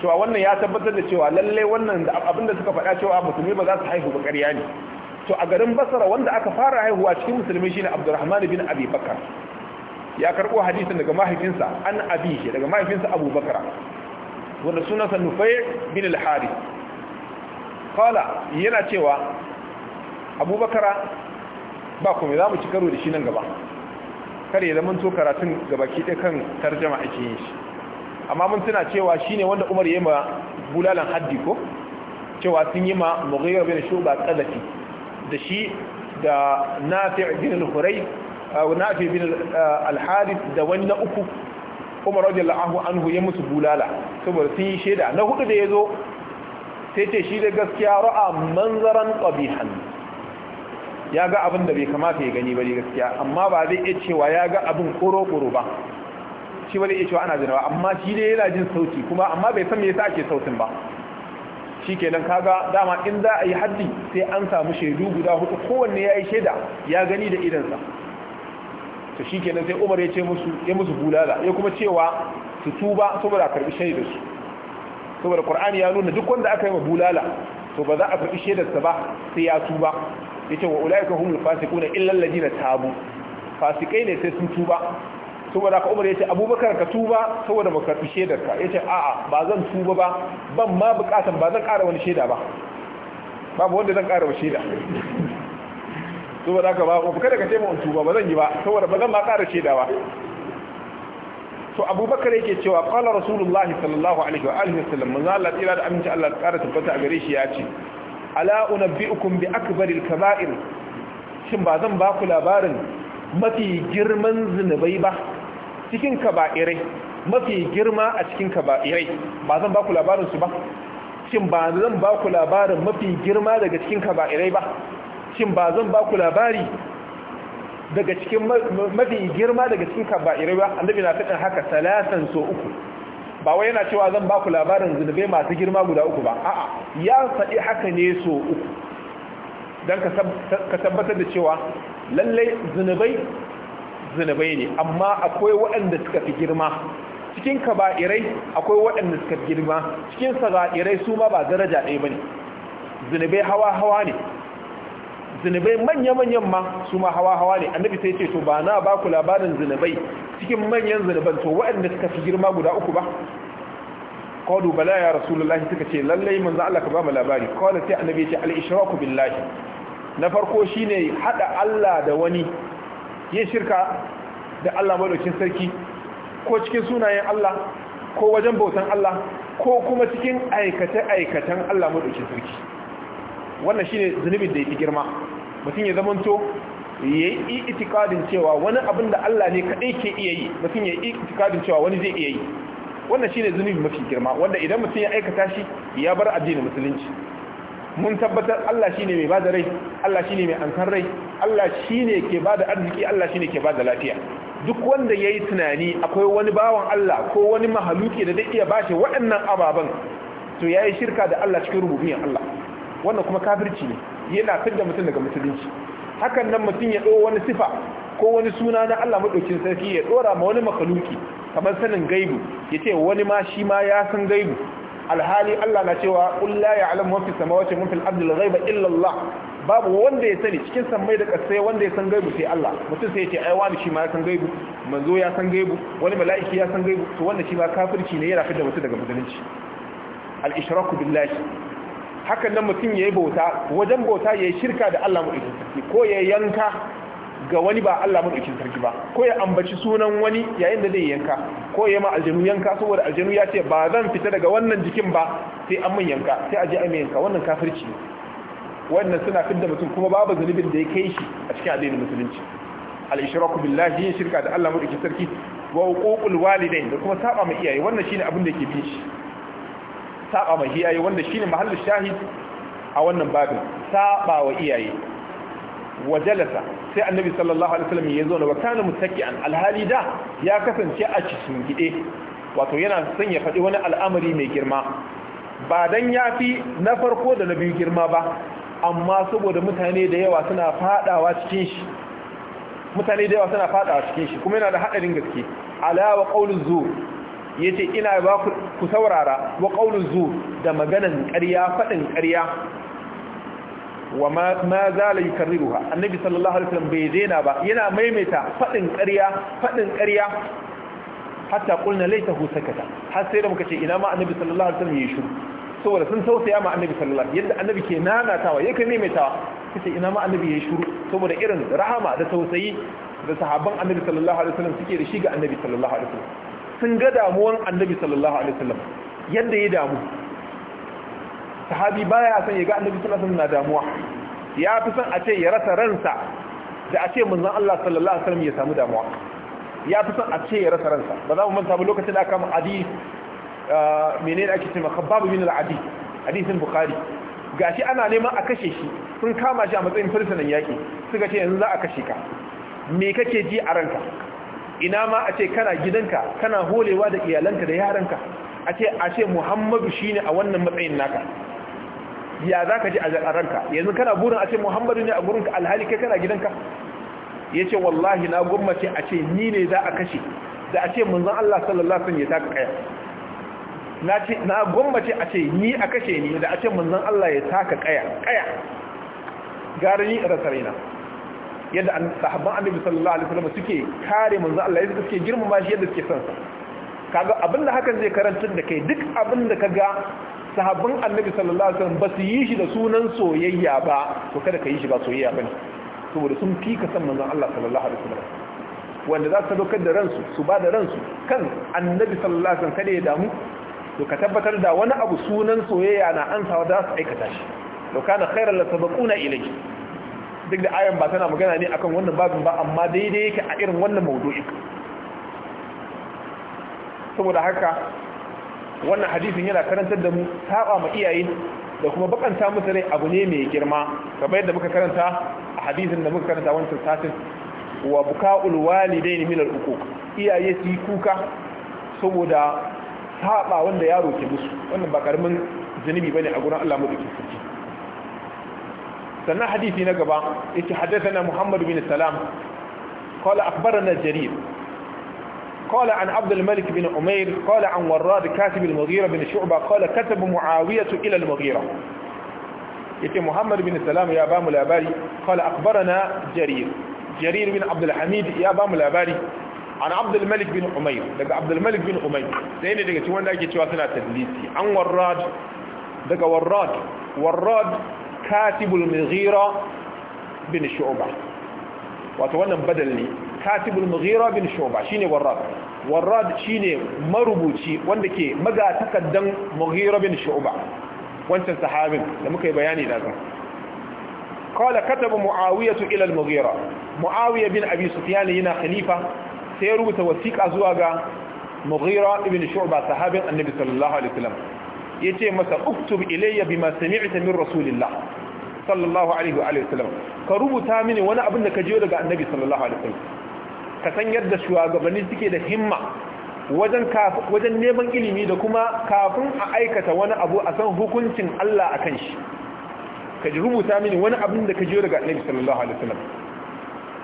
cewa wannan ya tabbatar da cewa lalle wannan abin da suka faɗa cewa musulmi ba za su haihu ba karya ne to a garin basara wanda aka fara haihuwa cikin musulmi shine abdurrahman bin abi ya karbo hadisin daga mahaifinsa an daga mahaifinsa abubakar wanda sunansa nufai bin al yana cewa abubakar ba kuma za mu ci karo da shi nan gaba kar ya mun to karatun gabaki ɗaya kan tarjama ake yin shi amma mun tana cewa shine wanda Umar ya yi ma bulalan haddi ko cewa sun yi ma Mughira bin Shuba qadafi da shi da Nafi' bin al aw Nafi bin al-Harith da wani na uku Umar radiyallahu anhu ya musu bulala saboda sun yi sheda na hudu da yazo sai ce shi da gaskiya ra'a manzaran qabihan ya ga abin da bai kamata ya gani ba ne gaskiya amma ba zai iya cewa ya ga abin koro-koro ba shi ba zai iya cewa ana jinawa amma shi dai yana jin sauti kuma amma bai san me yasa ake sautin ba shi kenan kaga dama in za a yi haddi sai an samu shaidu guda hudu kowanne ya yi shaida ya gani da idansa to shi kenan sai umar ya ce musu ya musu bulala ya kuma cewa su tuba saboda karbi shaidarsu saboda qur'ani ya nuna duk wanda aka yi ma bulala to ba za a karbi shaidarsa ba sai ya tuba Ya yace wa ulaika humul fasiquna illa na tabu fasikai ne sai sun tuba saboda ka umar ya ce abubakar ka tuba saboda ba fi shaidarka ya ce a'a ba zan tuba ba ban ma bukatan ba zan ƙara wani shaida ba babu wanda zan ƙara wa sheda saboda ka ba ku kada ka ce mu tuba ba zan yi ba saboda ba zan ma ƙara shaida ba to abubakar yake cewa qala rasulullahi sallallahu alaihi wa alihi wasallam manzo Allah tsira da aminci Allah ƙara tabbata a gare shi ya ce ala unabbi'ukum bi akbaril kaba'ir shin ba zan ba ku labarin mafi girman zunubai ba cikin kaba'irai mafi girma a cikin kaba'irai ba zan ba ku labarin su ba shin ba zan ba ku labarin mafi girma daga cikin kaba'irai ba shin ba zan ba ku labari daga cikin mafi girma daga cikin kaba'irai ba annabi na faɗin haka salasan so uku ba wai yana cewa zan ba ku labarin zunubai masu girma guda uku ba a'a ya faɗi haka ne so uku don ka tabbatar da cewa lallai zunubai zunubai ne amma akwai waɗanda suka fi girma cikin irai akwai waɗanda suka fi girma cikin irai, su ma ba daraja ɗaya ba ne zunubai hawa-hawa ne zinubai manya-manyan ma su ma hawa-hawa ne annabi sai ce to ba na ba ku labarin zinubai cikin manyan zinuban to waɗanda suka fi girma guda uku ba qalu bala ya rasulullah suka ce lallai manzo Allah ka ba mu labari qala sai annabi ce al-ishraku billahi na farko shi ne haɗa Allah da wani ya shirka da Allah maɗaukin sarki ko cikin sunayen Allah ko wajen bautan Allah ko kuma cikin aikace-aikacen Allah maɗaukin sarki wannan shine zunubin da ya fi girma mutum ya zamanto ya yi itikadin cewa wani abin da Allah ne kaɗai ke iya yi mutum ya yi itikadin cewa wani zai iya yi wannan shi ne zunubi mafi girma wanda idan mutum ya aikata shi ya bar addini musulunci mun tabbatar Allah shi ne mai bada rai Allah shi ne mai ankan rai Allah shi ne ke bada arziki Allah shi ne ke bada lafiya duk wanda ya yi tunani akwai wani bawan Allah ko wani mahaluki da zai iya bashi waɗannan ababen to ya yi shirka da Allah cikin rububiyar Allah wannan kuma kafirci ne yana da mutum daga musulunci hakan nan mutum ya ɗau wani sifa ko wani suna na Allah maɗaukin sarki ya ɗora ma wani makaluki kamar sanin gaibu ya ce wani ma shi ma ya san gaibu alhali Allah na cewa ƙulla la ya'lamu ma fi samawati wa fil ardi illallah. babu wanda ya sani cikin sammai da ƙasai wanda ya san gaibu sai Allah mutum sai ya ce ai wani shi ma ya san gaibu manzo ya san gaibu wani mala'iki ya san gaibu to wanda shi ma kafirci ne yana fitar da mutum daga musulunci al-ishraku billahi hakan nan mutum ya yi bauta wajen bauta ya yi shirka da Allah maɗaukin sarki ko ya yanka ga wani ba Allah maɗaukin sarki ba ko ya ambaci sunan wani yayin da zai yanka ko ya ma aljanu yanka saboda aljanu ya ce ba zan fita daga wannan jikin ba sai an mun yanka sai a je a yanka wannan kafirci ne wannan suna fidda mutum kuma babu zunubin da ya kai shi a cikin addinin musulunci al-ishraku billahi yin shirka da Allah maɗaukin sarki wa uququl walidain da kuma saba ma iyaye wannan shine abin da yake bin shi saba ma iyaye wanda shine mahallin shahid a wannan babin saba wa iyaye wa jalasa sai annabi sallallahu alaihi wasallam ya zo wa kana muttaki'an alhali da ya kasance a cikin gide wato yana son ya faɗi wani al'amari mai girma ba dan yafi na farko da na biyu girma ba amma saboda mutane da yawa suna fadawa cikin shi mutane da yawa suna fadawa cikin shi kuma yana da hadarin gaske ala wa qawlu yace ina ba ku saurara wa qaulun zu da maganan ƙarya fadin ƙarya wa ma zala yukarriruha annabi sallallahu alaihi wasallam bai daina ba yana maimaita fadin ƙarya fadin ƙarya hatta qulna hu sakata har sai da muka ce ina ma annabi sallallahu alaihi wasallam yi shiru saboda sun tausaya ma annabi sallallahu alaihi yadda annabi ke nanatawa yake maimaitawa kace ina ma annabi yi shiru saboda irin rahama da tausayi da sahabban annabi sallallahu alaihi wasallam suke da shi ga annabi sallallahu alaihi wasallam sun ga damuwan annabi sallallahu alaihi wasallam yadda ya damu sahabi baya son ya ga annabi sallallahu alaihi wasallam na damuwa ya fi son a ce ya rasa ransa da a ce manzon Allah sallallahu alaihi wasallam ya samu damuwa ya fi son a ce ya rasa ransa ba za mu manta ba lokacin da aka mu adi ah, menene ake cewa khabbab bin al-adi hadisin bukhari gashi ana neman a kashe shi sun kama shi a matsayin fursunan yaki suka ce yanzu za a kashe ka me kake ji a ranka ina ma a ce kana gidanka kana holewa da iyalanka da yaranka a ce a ce muhammadu shi ne a wannan matsayin naka ya za ka ji a ranka yanzu kana burin a ce muhammadu ne a gurinka alhali kai kana gidanka ya ce wallahi na gwammace a ce ni ne za a kashe da a ce munzan Allah sallallahu Alaihi ya taka kaya na gwammace a ce ni a kashe ni da a ce munzan Allah ya taka kaya kaya gari ni rasarina yadda sahabban annabi sallallahu alaihi wasallam suke kare manzo Allah yadda suke girmama shi yadda suke son sa kaga abinda hakan zai karantar da kai duk abinda kaga sahabban annabi sallallahu alaihi wasallam ba su yi shi da sunan soyayya ba to kada ka yi shi ba soyayya bane saboda sun fika san manzo Allah sallallahu alaihi wasallam wanda za su dokar da ransu su ba da ransu kan annabi sallallahu alaihi wasallam kada ya damu to ka tabbatar da wani abu sunan soyayya na ansawa za su aikata shi لو كان خيرا la إليه duk da ayan ba tana magana ne akan wannan babin ba amma daidai yake a irin wannan maudu'i saboda haka wannan hadisin yana karantar da mu saba ma iyaye da kuma bakanta musu rai abu ne mai girma kamar yadda muka karanta a hadisin da muka karanta wancan satin wa buka'ul walidain min al-uquq iyaye su yi kuka saboda saba wanda yaro ke musu wannan ba karamin zunubi bane a gurin Allah madaukakin sarki sannan hadisi na gaba yace haddathana Muhammad bin Salam qala akhbarana Jarir قال عن عبد الملك بن عمير قال عن وراد كاتب المغيرة بن شعبة قال كتب معاوية إلى المغيرة يتي محمد بن السلام يا بام الأباري قال أخبرنا جرير جرير بن عبد الحميد يا بام الأباري عن عبد الملك بن عمير لقى عبد الملك بن عمير زين لقى توانا كي تواسنا تدليسي عن وراد لقى وراد وراد katibul mughira bin shu'ba wato wannan badal ne katibul mughira bin shu'ba shine warad, warrad shine marubuci wanda ke magatakardan takaddan mughira bin shu'ba wancan sahabin da muka yi bayani da zan qala kataba muawiyatu ila al-mughira muawiya bin abi sufyan yana khalifa sai ya rubuta wasiqa zuwa ga mughira bin shu'ba sahabin annabi sallallahu alaihi wasallam yace masa uktub ilayya bima sami'ta min rasulillah sallallahu alaihi wa sallam ka rubuta mini wani abin da ka jiyo daga annabi sallallahu alaihi wa sallam ka san yadda shugabanni suke da himma wajen wajen neman ilimi da kuma kafin a aikata wani abu a san hukuncin Allah akan shi ka rubuta mini wani abin da ka jiyo daga annabi sallallahu alaihi wa sallam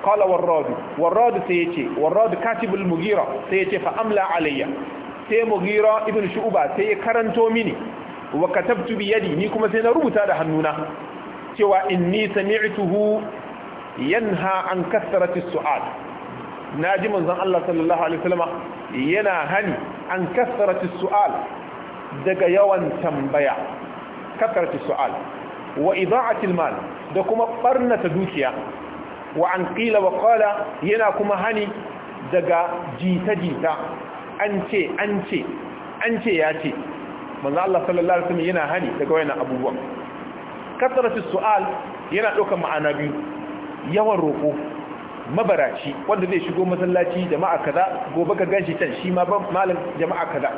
qala warrad warrad sai yace katibul mugira sai yace fa amla alayya sai mughira ibn shu'ba sai ya karanto mini wa katabtu bi yadi ni kuma sai na rubuta da hannuna cewa inni sami'tuhu yanha an kasrati su'al naji manzon Allah sallallahu alaihi wasallam yana hani an kasrati su'al daga yawan tambaya kasrati su'al wa ida'ati mal da kuma barnata dukiya wa an qila wa qala yana kuma hani daga jita-jita an ce an ce an ce ya ce manzo Allah sallallahu alaihi wasallam yana hani daga wayannan abubuwan kasaratu su'al yana ɗaukar ma'ana biyu yawan roƙo mabaraci wanda zai shigo masallaci jama'a kaza gobe ka ganshi can shi ma malam jama'a kaza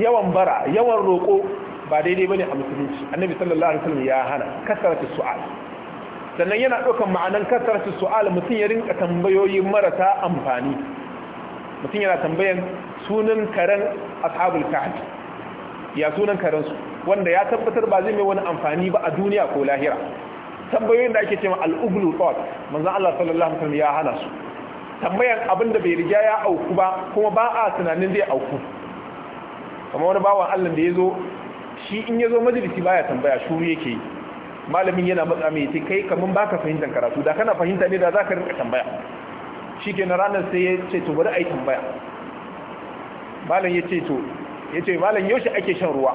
yawan bara yawan roƙo ba daidai bane a musulunci annabi sallallahu alaihi wasallam ya hana kasaratu su'al sannan yana ɗaukar ma'anan kasaratu su'al mutun ya rinka tambayoyi marasa amfani mutum yana tambayan sunan karen ashabul kahf ya sunan karen su wanda ya tabbatar ba zai mai wani amfani ba a duniya ko lahira tambayoyin da ake cewa al-uglu thought manzon Allah sallallahu alaihi wasallam ya hana su tambayan abin da bai riga ya auku ba kuma ba a tunanin zai auku kamar wani bawan Allah da ya zo shi in ya zo majalisi baya tambaya shuru yake yi malamin yana matsa mai ce kai kamar baka fahimtar karatu da kana fahimta ne da zaka ka rinka tambaya ke na ranar sai ya ce to bari a yi tambaya malam ya ce to ya ce malam yaushe ake shan ruwa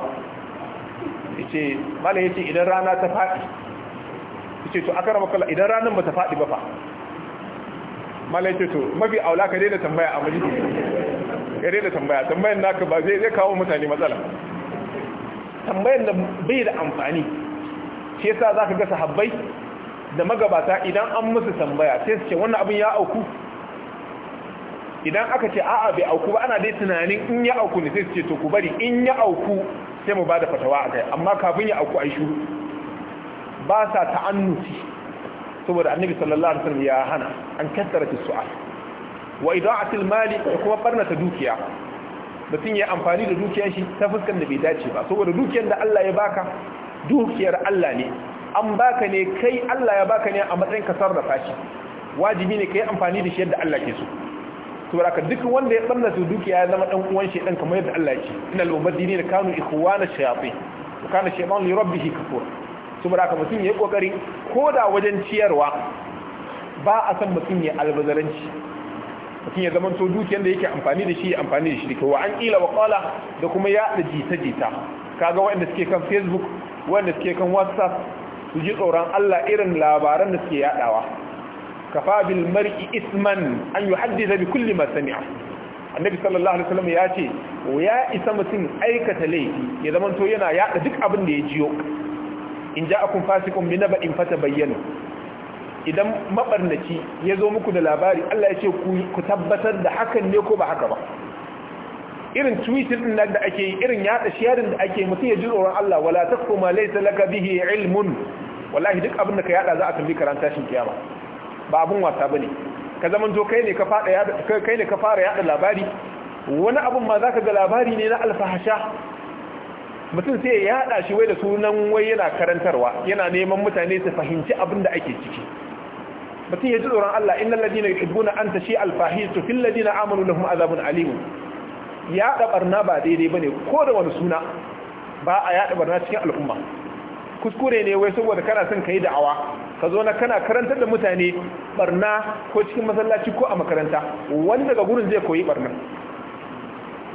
ya ce malam ya ce idan rana ta faɗi ya ce to aka rama kala idan ranar ba ta faɗi ba fa malam ya ce to mafi aula ka daina tambaya a maji ka daina tambaya tambayan naka ba zai kawo mutane matsala tambayan da bai da amfani shi yasa ka ga sahabbai da magabata idan an musu tambaya sai su ce wannan abin ya auku idan aka ce a'a bai auku ba ana dai tunanin in ya auku ne sai su ce to ku bari in ya auku sai mu bada fatawa a kai amma kafin ya auku ai shuru ba sa ta'annuti saboda annabi sallallahu alaihi wasallam ya hana an kassara su'al wa ida'atil mali da kuma barnata dukiya mutum ya amfani da dukiyar shi ta fuskar da bai dace ba saboda dukiyar da Allah ya baka dukiyar Allah ne an baka ne kai Allah ya baka ne a matsayin ka sarrafa shi wajibi ne kai amfani da shi yadda Allah ke so saboda duk wanda ya barna su dukiya ya zama dan uwan shedan kamar yadda Allah ya ce mubaddini da kanu ikhwana shayatin wa kana shayman li rabbih kafur saboda ka mutum yayi kokari koda wajen ciyarwa ba a san mutum ya albazaranci mutum ya zama to dukiyar da yake amfani da shi ya amfani da shi da wa an ila wa qala da kuma ya da jita jita kaga waɗanda suke kan facebook waɗanda suke kan whatsapp su ji tsoron Allah irin labaran da suke yadawa kafa bil mar'i isman an yuhaddith bi kulli ma sami'a annabi sallallahu alaihi wasallam ya ce ya isa mutum aikata laifi ya zaman to yana yada duk abin da ya jiyo in ja ja'akum fasiqun in fata bayyana idan mabarnaci ya zo muku da labari Allah ya ce ku tabbatar da hakan ne ko ba haka ba irin tweetin din da ake yi irin yada sharing da ake mutum ya ji tsoron Allah wala takfu ma laysa laka bihi ilmun wallahi duk abin da ka yada za a tambi karanta shin kiyama ba abin wasa ba ne ka zaman zo kai ne ka fara yada labari wani abun ma za ka ga labari ne na alfahasha mutum sai ya yada shi wai da sunan wai yana karantarwa yana neman mutane su fahimci abin da ake ciki mutum ya ji tsoron Allah ina ladina yuhibbuna an tashi alfahishu fil ladina amanu lahum azabun alim ya da barna ba daidai bane ko da wani suna ba a cikin al'umma kuskure ne wai saboda kana son ka kai da'awa ka zo na kana karantar da mutane barna ko cikin masallaci ko a makaranta wani daga gurin zai koyi barna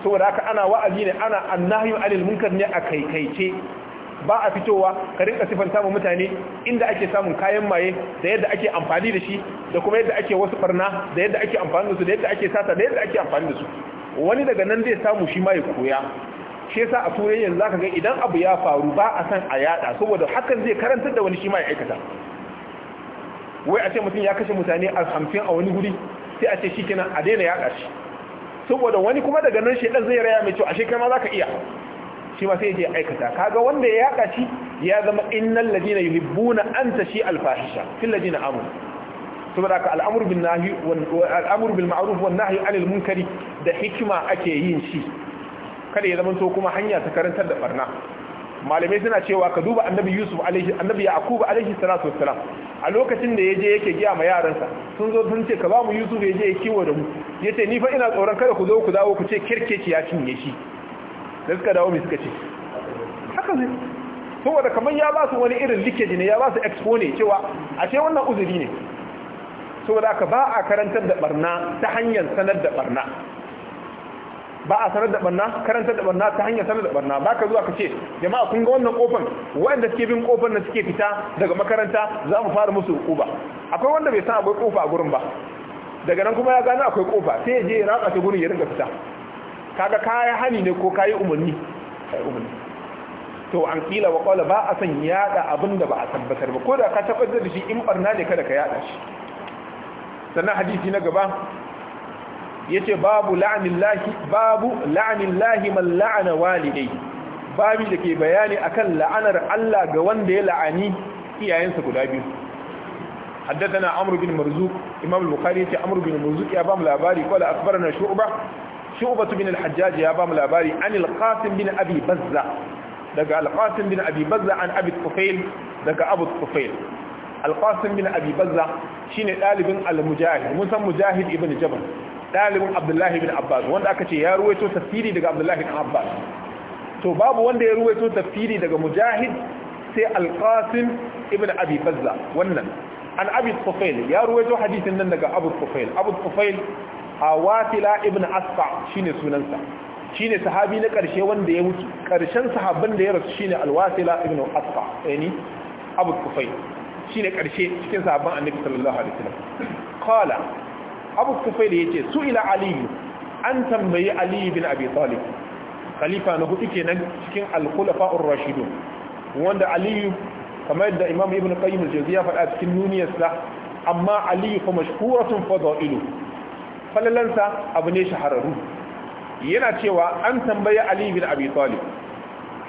saboda haka ana wa'azi ne ana annahyu alil munkar ne a kaikaice ba a fitowa ka rinka sifanta mu mutane inda ake samun kayan maye da yadda ake amfani da shi da kuma yadda ake wasu barna da yadda ake amfani da su da yadda ake sata da yadda ake amfani da su wani daga nan zai samu shi ma ya koya shi yasa a turai yanzu zaka ga idan abu ya faru ba a san a yada saboda hakan zai karantar da wani shi ma ya aikata wai a ce mutum ya kashe mutane a a wani guri sai a ce shi kenan a daina yaƙa shi saboda wani kuma daga nan dan zai raya mai cewa ashe kai ma zaka iya shi ma sai ya je aikata kaga wanda ya yaƙa shi ya zama innal ladina yuhibbuna an tashi alfahisha fil ladina amanu saboda ka al'amru bin nahi amru bil ma'ruf wan nahi anil munkari da hikima ake yin shi kada ya zama to kuma hanya ta karantar da barna malamai suna cewa ka duba annabi yusuf alaihi annabi alaihi salatu wassalam a lokacin da yaje yake giya ma yaransa sun zo sun ce ka ba mu yusuf yaje ya kiwo da mu yace ni fa ina tsoron kada ku zo ku dawo ku ce kirkeci ya cinye shi da suka dawo me suka ce haka ne saboda kamar ya ba su wani irin likeji ne ya ba su expo ne cewa ashe wannan uzuri ne saboda ka ba a karantar da barna ta hanyar sanar da barna ba a sanar da barna karanta da barna ta hanyar sanar da barna ba ka zuwa ka ce jama'a kun ga wannan kofan wanda suke bin kofar na suke fita daga makaranta za mu fara musu hukuba akwai wanda bai san akwai kofa a gurin ba daga nan kuma ya gano akwai kofa sai ya je ya ratsa ta gurin ya rinka fita kaga kaya hani ne ko kayi umarni kai umarni to an kila wa qala ba a san yada abin da ba a tabbatar ba ko da ka tabbatar da shi in barna ne kada ka yada shi sannan hadisi na gaba yace babu la'anillahi babu la'anillahi man la'ana walidai babu dake bayani akan la'anar Allah ga wanda ya la'ani iyayensa guda biyu haddathana amr bin marzuq imam al-bukhari yace amr bin marzuq ya bamu labari qala akhbarana shu'bah shu'bah bin al-hajjaj ya bamu labari anil qasim bin abi bazza daga al bin abi an abi tufail daga abu tufail al bin abi bazza shine ɗalibin al-mujahid mun san mujahid ibn jabal dalibin abdullahi bin abbas wanda aka ce ya ruwaito tafsiri daga abdullahi bin abbas to babu wanda ya ruwaito tafsiri daga mujahid sai alqasim ibn abi bazza wannan an abi tufail ya ruwaito hadisin nan daga abu tufail abu tufail a wasila ibn asfa shine sunansa shine sahabi na karshe wanda ya mutu karshen sahabban da ya rasu shine alwasila ibn asfa yani eh abu tufail shine karshe cikin sahabban annabi sallallahu alaihi wasallam qala abu ya ce su ila Aliyu. an tambayi Aliyu bin abi talib khalifa na hudu kenan cikin al rashidu wanda Aliyu kamar yadda imam ibn qayyim al-jawziya faɗa cikin nuniyarsa amma aliyu fa mashhuratun fadailu falalansa abu ne shahararru yana cewa an tambayi Aliyu bin abi talib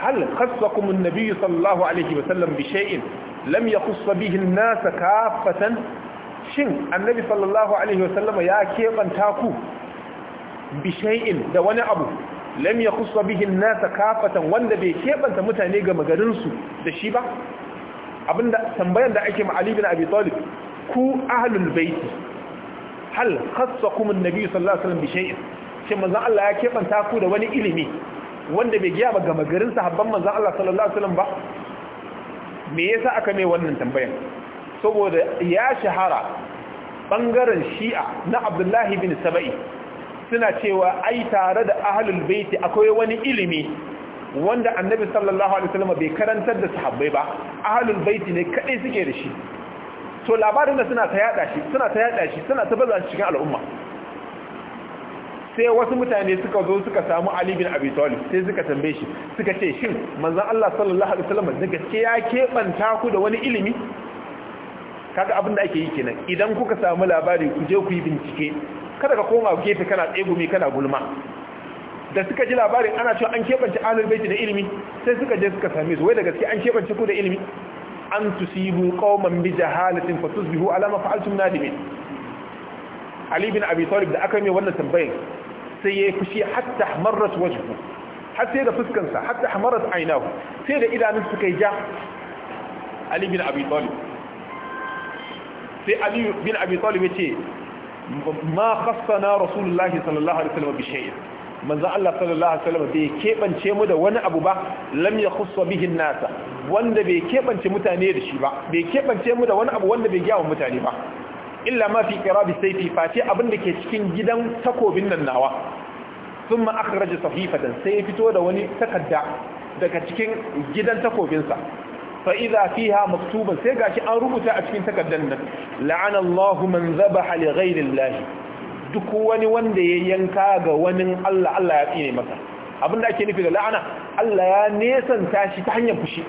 hal khassakum an-nabi sallallahu alaihi wa sallam bi shay'in lam yakhuss bihi an-nas kafatan shin annabi sallallahu alaihi wasallama ya kebanta ku bi shay'in da wani abu lam yakhussu bihi an nasa kafatan wanda bai kebanta mutane ga magarin su da shi ba abinda tambayar da ake ma Ali bin Abi Talib ku ahlul bait hal khassakum an-nabi sallallahu alaihi wasallam bi shay'in shin manzon Allah ya kebanta ku da wani ilimi wanda bai giya ba ga magarin sahabban manzon Allah sallallahu alaihi wasallam ba me yasa aka mai wannan tambayar saboda ya shahara bangaren shi'a na abdullahi bin saba'i suna cewa ai tare da ahalul baiti akwai wani ilimi wanda annabi sallallahu alaihi wasallam bai karantar da sahabbai ba ahalul baiti ne kadai suke da shi to labarin da suna ta yada shi suna ta yada shi suna ta baza cikin al'umma sai wasu mutane suka zo suka samu Ali bin Abi Talib sai suka tambaye shi suka ce shin manzon Allah sallallahu alaihi wasallam da gaske ya kebanta ku da wani ilimi kaga abin da ake yi kenan idan kuka samu labari ku je ku yi bincike kada ka koma gefe kana tsegumi kana gulma da suka ji labarin ana cewa an kebance ahlul baiti da ilimi sai suka je suka same su wai da gaske an kebance ku da ilimi an tusibu qauman bi jahalatin fatusbihu ala ma fa'altum nadimin ali bin abi talib da aka yi wannan tambayar sai yayi fushi hatta hamarat wajhu har sai da fuskansa hatta hamarat ainahu sai da idanun suka yi ja ali bin abi talib sai ali bin abi talib ce ma khassana rasulullahi sallallahu alaihi wasallam bi shay'in manzo Allah sallallahu alaihi wasallam bai kebance mu da wani abu ba lam yakhussa bihi nasa wanda bai kebance mutane da shi ba bai kebance mu da wani abu wanda bai gyawa mutane ba illa ma fi qirabi sayfi fati abin da ke cikin gidan takobin nan nawa thumma akhraja sahifatan sai fito da wani takadda daga cikin gidan takobinsa fa idza fiha maktuban sai gashi an rubuta a cikin takardar nan la'ana Allahu man zabaha li ghayri Allah duk wani wanda ya yanka ga wani Allah Allah ya tsine masa abinda ake nufi da la'ana Allah ya nesanta shi ta hanyar fushi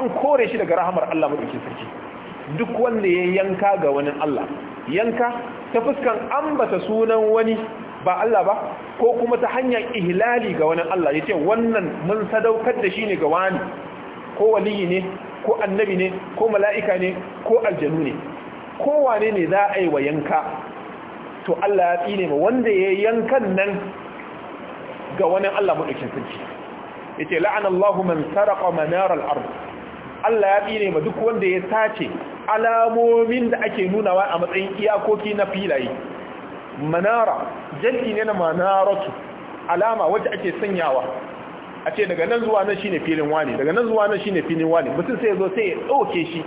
an kore shi daga rahamar Allah madaukakin sarki duk wanda ya yanka ga wani Allah yanka ta fuskan ambata sunan wani ba Allah ba ko kuma ta hanyar ihlali ga wani Allah yace wannan mun sadaukar da shi ne ga wani ko waliyi ne ko annabi ne ko mala'ika ne ko aljanu ne kowane ne za a yi wa yanka to Allah ya tsine ma wanda ya yankan nan ga wani Allah maɗaukin sarki ya ce la'anallahu man sarrafa manarar ard Allah ya tsine ma duk wanda ya sace alamomin da ake nunawa a matsayin iyakoki na filaye manara jalli ne na manaratu alama wacce ake sanyawa a ce daga nan zuwa nan shine filin wani daga nan zuwa nan shine filin wani mutum sai ya zo sai ya dauke shi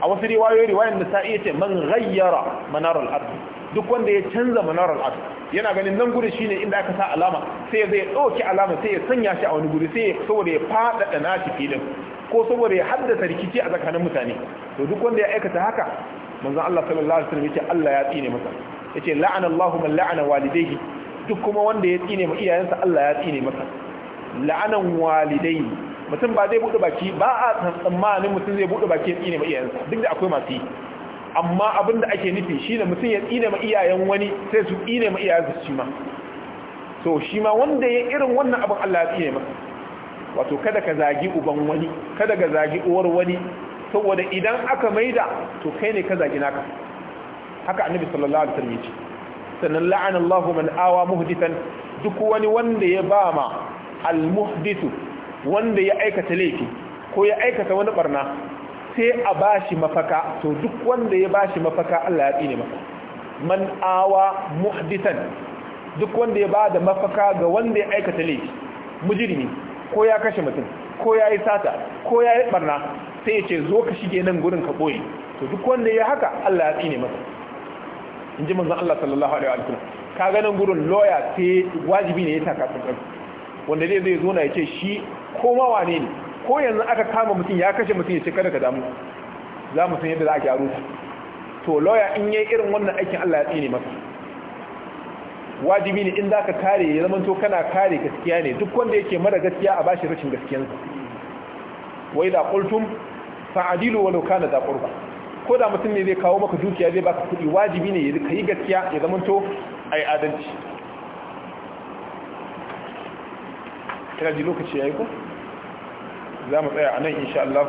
a wasu riwayoyi riwayan da ta iya ce man ghayyara al ard duk wanda ya canza al ard yana ganin nan guri shine inda aka sa alama sai ya dauke alama sai ya sanya shi a wani guri sai saboda ya fadada shi filin ko saboda ya haddasa rikici a tsakanin mutane to duk wanda ya aikata haka manzon Allah sallallahu alaihi wasallam yace Allah ya tsine masa yace la'ana Allahu man la'ana walidayhi duk kuma wanda ya tsine ma iyayensa Allah ya tsine masa la'anan walidai mutum ba zai bude baki ba a tsammanin mutum zai bude baki ya ne ma iyayensa duk da akwai masu yi amma abin da ake nufi shine mutum ya tsine ma iyayen wani sai su tsine ma iyayensa shi ma so shi ma wanda ya irin wannan abin Allah ya tsine masa wato kada ka zagi uban wani kada ka zagi uwar wani saboda idan aka maida to kai ne ka zagi naka haka annabi sallallahu alaihi wasallam ya ce sannan la'ana Allahu man awa muhdithan duk wani wanda ya ba ma almuhdisu wanda ya aikata laifi ko ya aikata wani barna sai a bashi mafaka to duk wanda ya bashi mafaka Allah ya tsine masa man awa muhdisan duk wanda ya bada mafaka ga wanda ya aikata laifi mujrimi ko ya kashe mutum ko ya yi sata ko ya yi barna sai ya ce zo ka shige nan gurin ka boye to duk wanda ya haka Allah ya tsine masa in ji manzon Allah sallallahu alaihi wa sallam ka ga nan gurin lawyer sai wajibi ne ya taka tsantsan wanda zai zai zo na ya ce shi ko mawa ne ko yanzu aka kama mutum ya kashe mutum ya ce kada ka damu za mu san yadda za a gyaru ta to lawyer in yi irin wannan aikin Allah ya tsine masa wajibi ne in za ka kare ya zama to kana kare gaskiya ne duk wanda yake mara gaskiya a bashi rashin gaskiyansa wai da qultum fa'adilu walau kana da qurba ko da mutum ne zai kawo maka dukiya zai baka kuɗi wajibi ne ya yi gaskiya ya zama to ai adalci kira ji lokaci ya yi ko za mu tsaya a nan insha Allah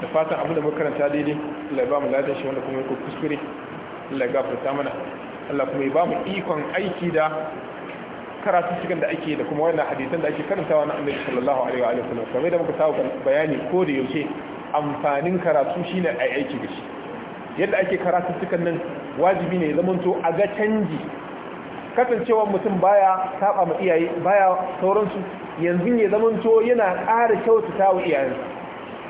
da fatan abin da makaranta daidai Allah ya ba mu ladan shi wanda kuma ya kuskure Allah ya gafarta mana Allah kuma ya ba mu ikon aiki da karatu cikin da ake da kuma wannan hadisan da ake karantawa na Annabi sallallahu alaihi wa alihi wasallam kamar da muka saba bayani ko da yaushe amfanin karatu shine ai aiki da shi yadda ake karatu cikin nan wajibi ne zamanto a ga canji kasancewar mutum baya saba ma iyaye baya sauransu yanzu ya to yana ƙara kyautata wa iyayen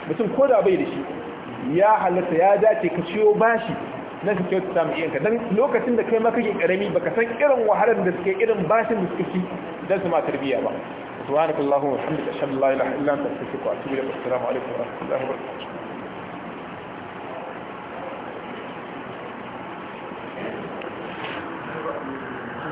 mutum ko da bai da shi ya halatta ya dace ka ciyo bashi na ka kyautata ma iyayenka dan lokacin da kai ma kake karami baka san irin wahalar da suke irin bashin da suke ci dan su ma tarbiyya ba subhanakallahumma wa bihamdika ashhadu an la ilaha illa anta astaghfiruka wa atubu ilaik assalamu alaikum wa rahmatullahi wa barakatuh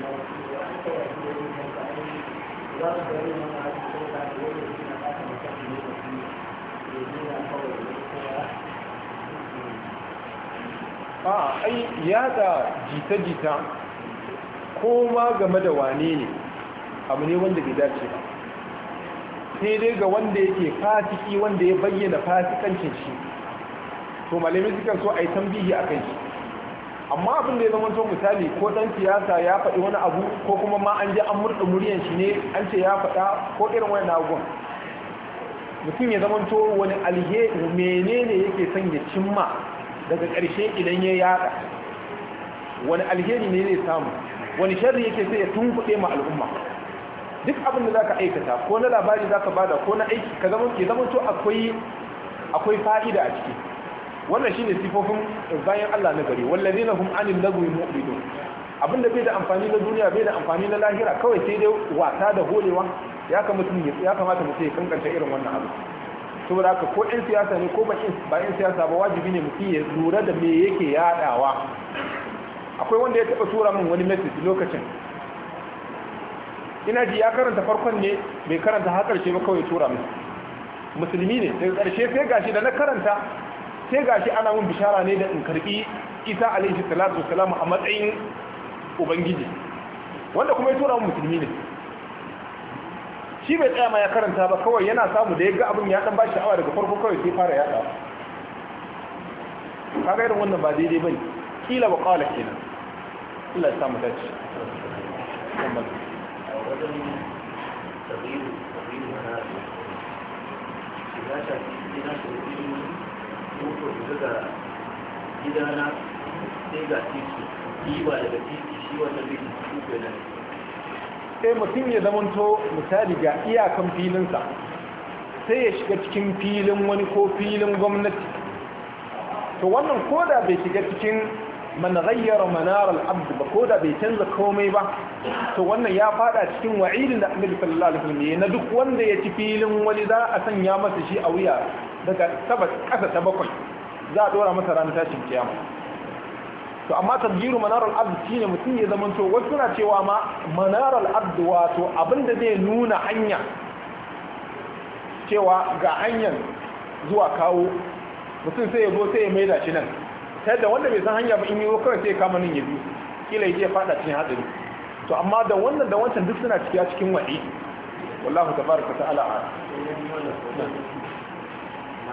a ai yada jita-jita ko ma game da wane ne abu ne wanda bai dace ba sai dai ga wanda yake fasiki wanda ya bayyana fasikancin shi to malamin sukan so a yi tambihi a kai shi amma abin da ya zama to misali ko dan siyasa ya faɗi wani abu ko kuma ma an ji an murɗa muryan shi ne an ce ya faɗa ko irin wani abubuwan mutum ya zama to wani alhe menene yake son ya cimma daga ƙarshe idan ya yaɗa wani alheri ne zai samu wani sharri yake sai ya tunkuɗe ma al'umma duk abin da zaka aikata ko na labari zaka bada ko na aiki ka zama ke zama to akwai akwai fa'ida a ciki wannan shine sifofin bayan Allah na gari wallazina hum anil lagwi mu'ridun abinda bai da amfani na duniya bai da amfani na lahira kawai sai dai wasa da holewa ya kamata mutum ya kamata mutum ya kankanta irin wannan abu saboda haka ko ɗan siyasa ne ko ba in siyasa ba wajibi ne mutum ya lura da me yake yadawa akwai wanda ya taɓa tura min wani message lokacin ina ji ya karanta farkon ne bai karanta har ƙarshe ba kawai tura min musulmi ne daga ƙarshe sai gashi da na karanta sai ga shi ana mun bishara ne da in karbi isa alaihi salatu wasalam a matsayin ubangiji wanda kuma ya tura mu musulmi ne shi bai tsaya ma ya karanta ba kawai yana samu da ya ga abin ya dan ba sha'awa daga farko kawai sai fara Ka kaga irin wannan ba daidai bane kila ba kawala kenan Allah ya samu dace Thank you. moto daga gidana sai ga titi yi ba daga titi shi wata zai su kenan sai mutum ya zamanto misali ga iyakan filinsa sai ya shiga cikin filin wani ko filin gwamnati to wannan koda bai shiga cikin man ghayyara manar al-abd ba koda bai canza komai ba to wannan ya fada cikin wa'idin da Annabi sallallahu alaihi wasallam na duk wanda ya ci filin wani za a sanya masa shi a wuya daga ƙasa ta bakwai za a ɗora masa ranar tashin kiyama to amma tasgiru manarar abd shine mutum ya zamanto wasu na cewa ma manarar abd wato abinda zai nuna hanya cewa ga hanyar zuwa kawo mutum sai ya zo sai ya maida shi nan ta yadda wanda bai san hanya ba in yi wakar sai ya kama nin ya biyu kila ya je fada cikin hadari to amma da wannan da wancan duk suna cikin waɗi wallahu tabaraka ta'ala a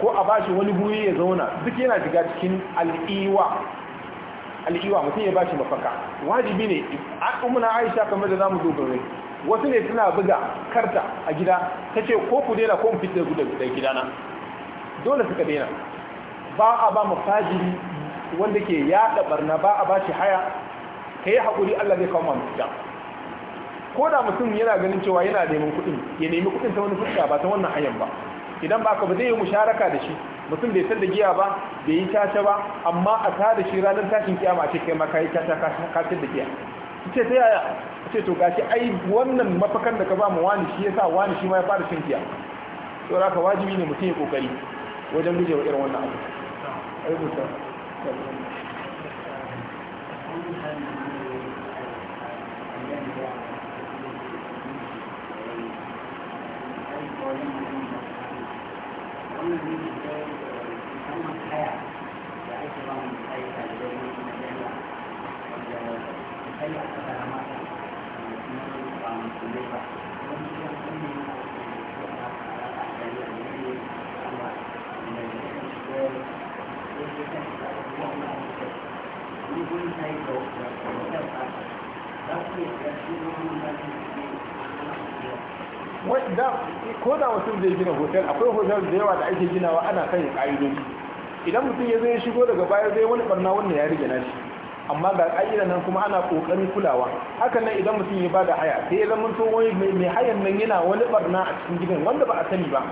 ko a bashi wani guri ya zauna duk yana shiga cikin al'iwa al'iwa mutum ya bashi mafaka wajibi ne a aisha kamar da zamu rai wasu ne suna buga karta a gida ta ce ko ku daina ko mu fitar da gidana dole suka daina ba a ba mafajiri wanda ke yaɗa barna ba a ba haya ka yi haƙuri allah zai kawo ma ko da mutum yana ganin cewa yana neman kuɗin ya nemi kuɗin ta wani fuska ba ta wannan hanyar ba idan ba ka ba zai yi musharaka da shi mutum bai san da giya ba bai yi caca ba amma a ta da shi ranar tashin kiyama a ce kai ma ka yi caca, ka da giya ce ta yaya ce to gashi ai wannan mafakan da ka ba mu wani shi yasa wani shi ma ya fara shin giya to raka wajibi ne mutum ya kokari wajen gujewa irin wannan abu Mm-hmm. zai gina hotel akwai hotel da yawa da ake ginawa ana sanya ƙa'idoji idan mutum ya zai shigo daga baya zai wani barna wanda ya rige nashi amma ga ƙa'ida nan kuma ana ƙoƙarin kulawa hakan nan idan mutum ya bada haya sai ya zama wani mai hayan nan yana wani barna a cikin gidan wanda ba a sani ba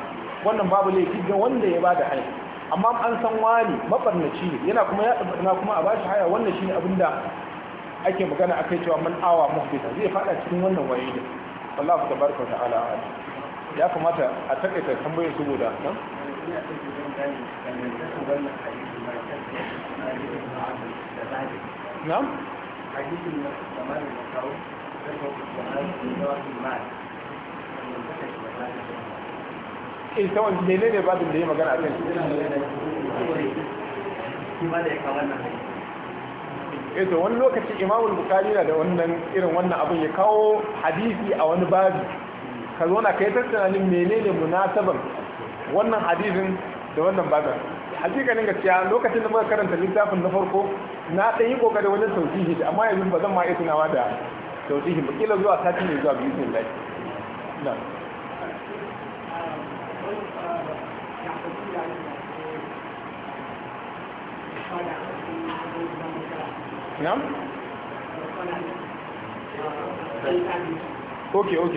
wannan babu laifi ga wanda ya bada haya amma an san wani mabarnaci ne yana kuma ya barna kuma a bashi haya wannan shine abin da ake magana akai cewa man awa muhdita zai fada cikin wannan waye ne Allah tabaraka ta'ala ya kamata a takaita tambayar saboda nan na'am ita wani ne ne babin da ya magana a kan ita eh, wani lokacin imamul bukari na da wannan irin wannan abin ya kawo hadisi a wani babi ka zo na kai ta menene munasabar wannan hadisin da wannan bagar hakikanin gaskiya lokacin da muka karanta littafin na farko na ɗan yi ƙoƙari wajen tausihi amma yanzu ba zan ma iya tunawa da tausihi ba kila zuwa sati ne zuwa biyu sun lai na ok ok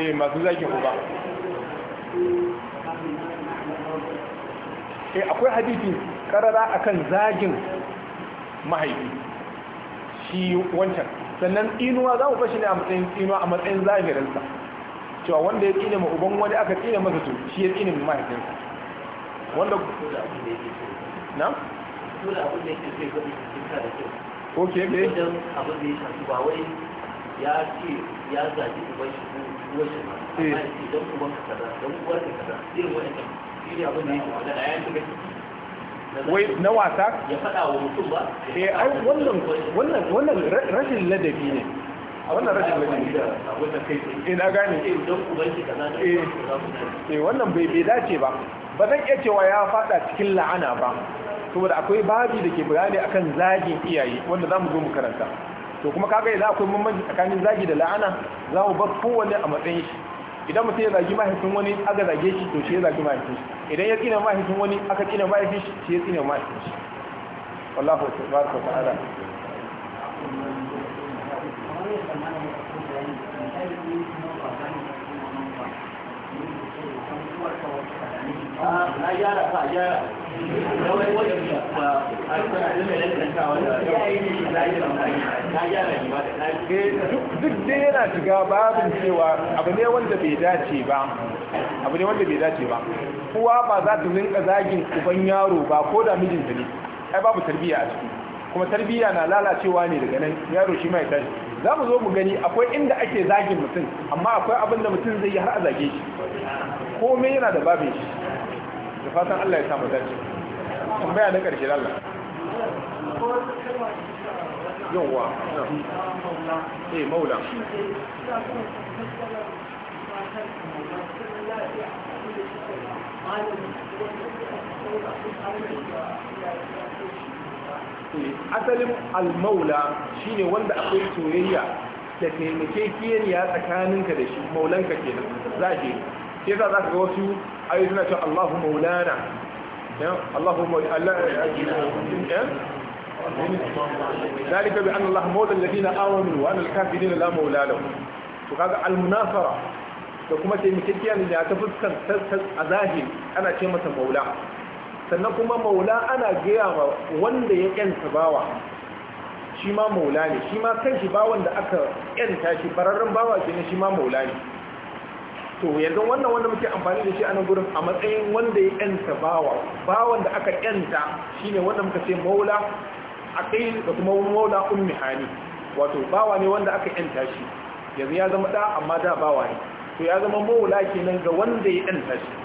eh masu zakin uba eh akwai hadithi karara akan zagin mahaifi shi wancan sannan inuwa za mu fashi ne a matsayin inuwa a matsayin zahirinsa cewa wanda ya tsine ma uban wani aka tsine masa to shi ya tsine mahaifinsa wanda na? kula abin da yake zai gabi cikin da kyau ok ok abin da ya shafi ba wai ya ce ya zaɓi uban shi ko shi ma amma idan eh. uban ka kaza dan uwar ka kaza irin wannan shi ne abin da yake magana ya shiga wai na wasa ya faɗa wa mutum ba eh ai wannan wannan wannan rashin ladabi ne wannan rashin ladabi ne eh na gane eh eh wannan bai bai dace ba ba zan iya cewa ya faɗa cikin la'ana ba saboda akwai babi da ke bayani akan zagin iyaye wanda za mu zo mu karanta to kuma kaga idan akwai bambanci tsakanin zagi da la'ana za mu bar kowanne a matsayin shi idan mutum ya zagi mahaifin wani aka zage shi to shi ya zagi mahaifin shi idan ya tsina mahaifin wani aka tsina mahaifin shi shi ya tsina mahaifin shi wallahu tabaraka ta'ala Ah, ya ka ya duk dai yana shiga babin cewa abu ne wanda bai dace ba abu ne wanda bai dace ba kuwa ba za ta rinka zagin uban yaro ba ko da mijinta ne ai babu tarbiyya a ciki kuma tarbiyya na lalacewa ne daga nan yaro shi mai tashi za mu zo mu gani akwai inda ake zagin mutum amma akwai abin da mutum zai yi har a zage shi komai yana da babin shi fatan Allah ya samu dace tambaya na karshe Allah yawa eh maula eh, asalin almaula shine wanda akwai soyayya da taimakekeniya tsakaninka da shi maulanka kenan za je shi yasa za ka ga wasu ayi suna cewa Allahu maulana Allahu maulana ذلك بأن الله مولى الذين آمنوا وأن الكافرين لا مولى لهم وكذا المناصرة da kuma taimakekiya ne da ta fuskar maulana zahiri ana ce masa maula sannan kuma maula ana gaya wa wanda ya yanta bawa shi ma maula ne shi bawan da aka yanta shi bawa ke ne shi to yanzu wannan wanda muke amfani da shi a nan gurin a matsayin wanda ya yanta bawa bawan da aka yanta shine wanda muka ce maula kai da kuma maula ummi hani wato bawa ne wanda aka yanta shi yanzu ya zama da amma da bawa ne to ya zama maula kenan ga wanda ya yanta shi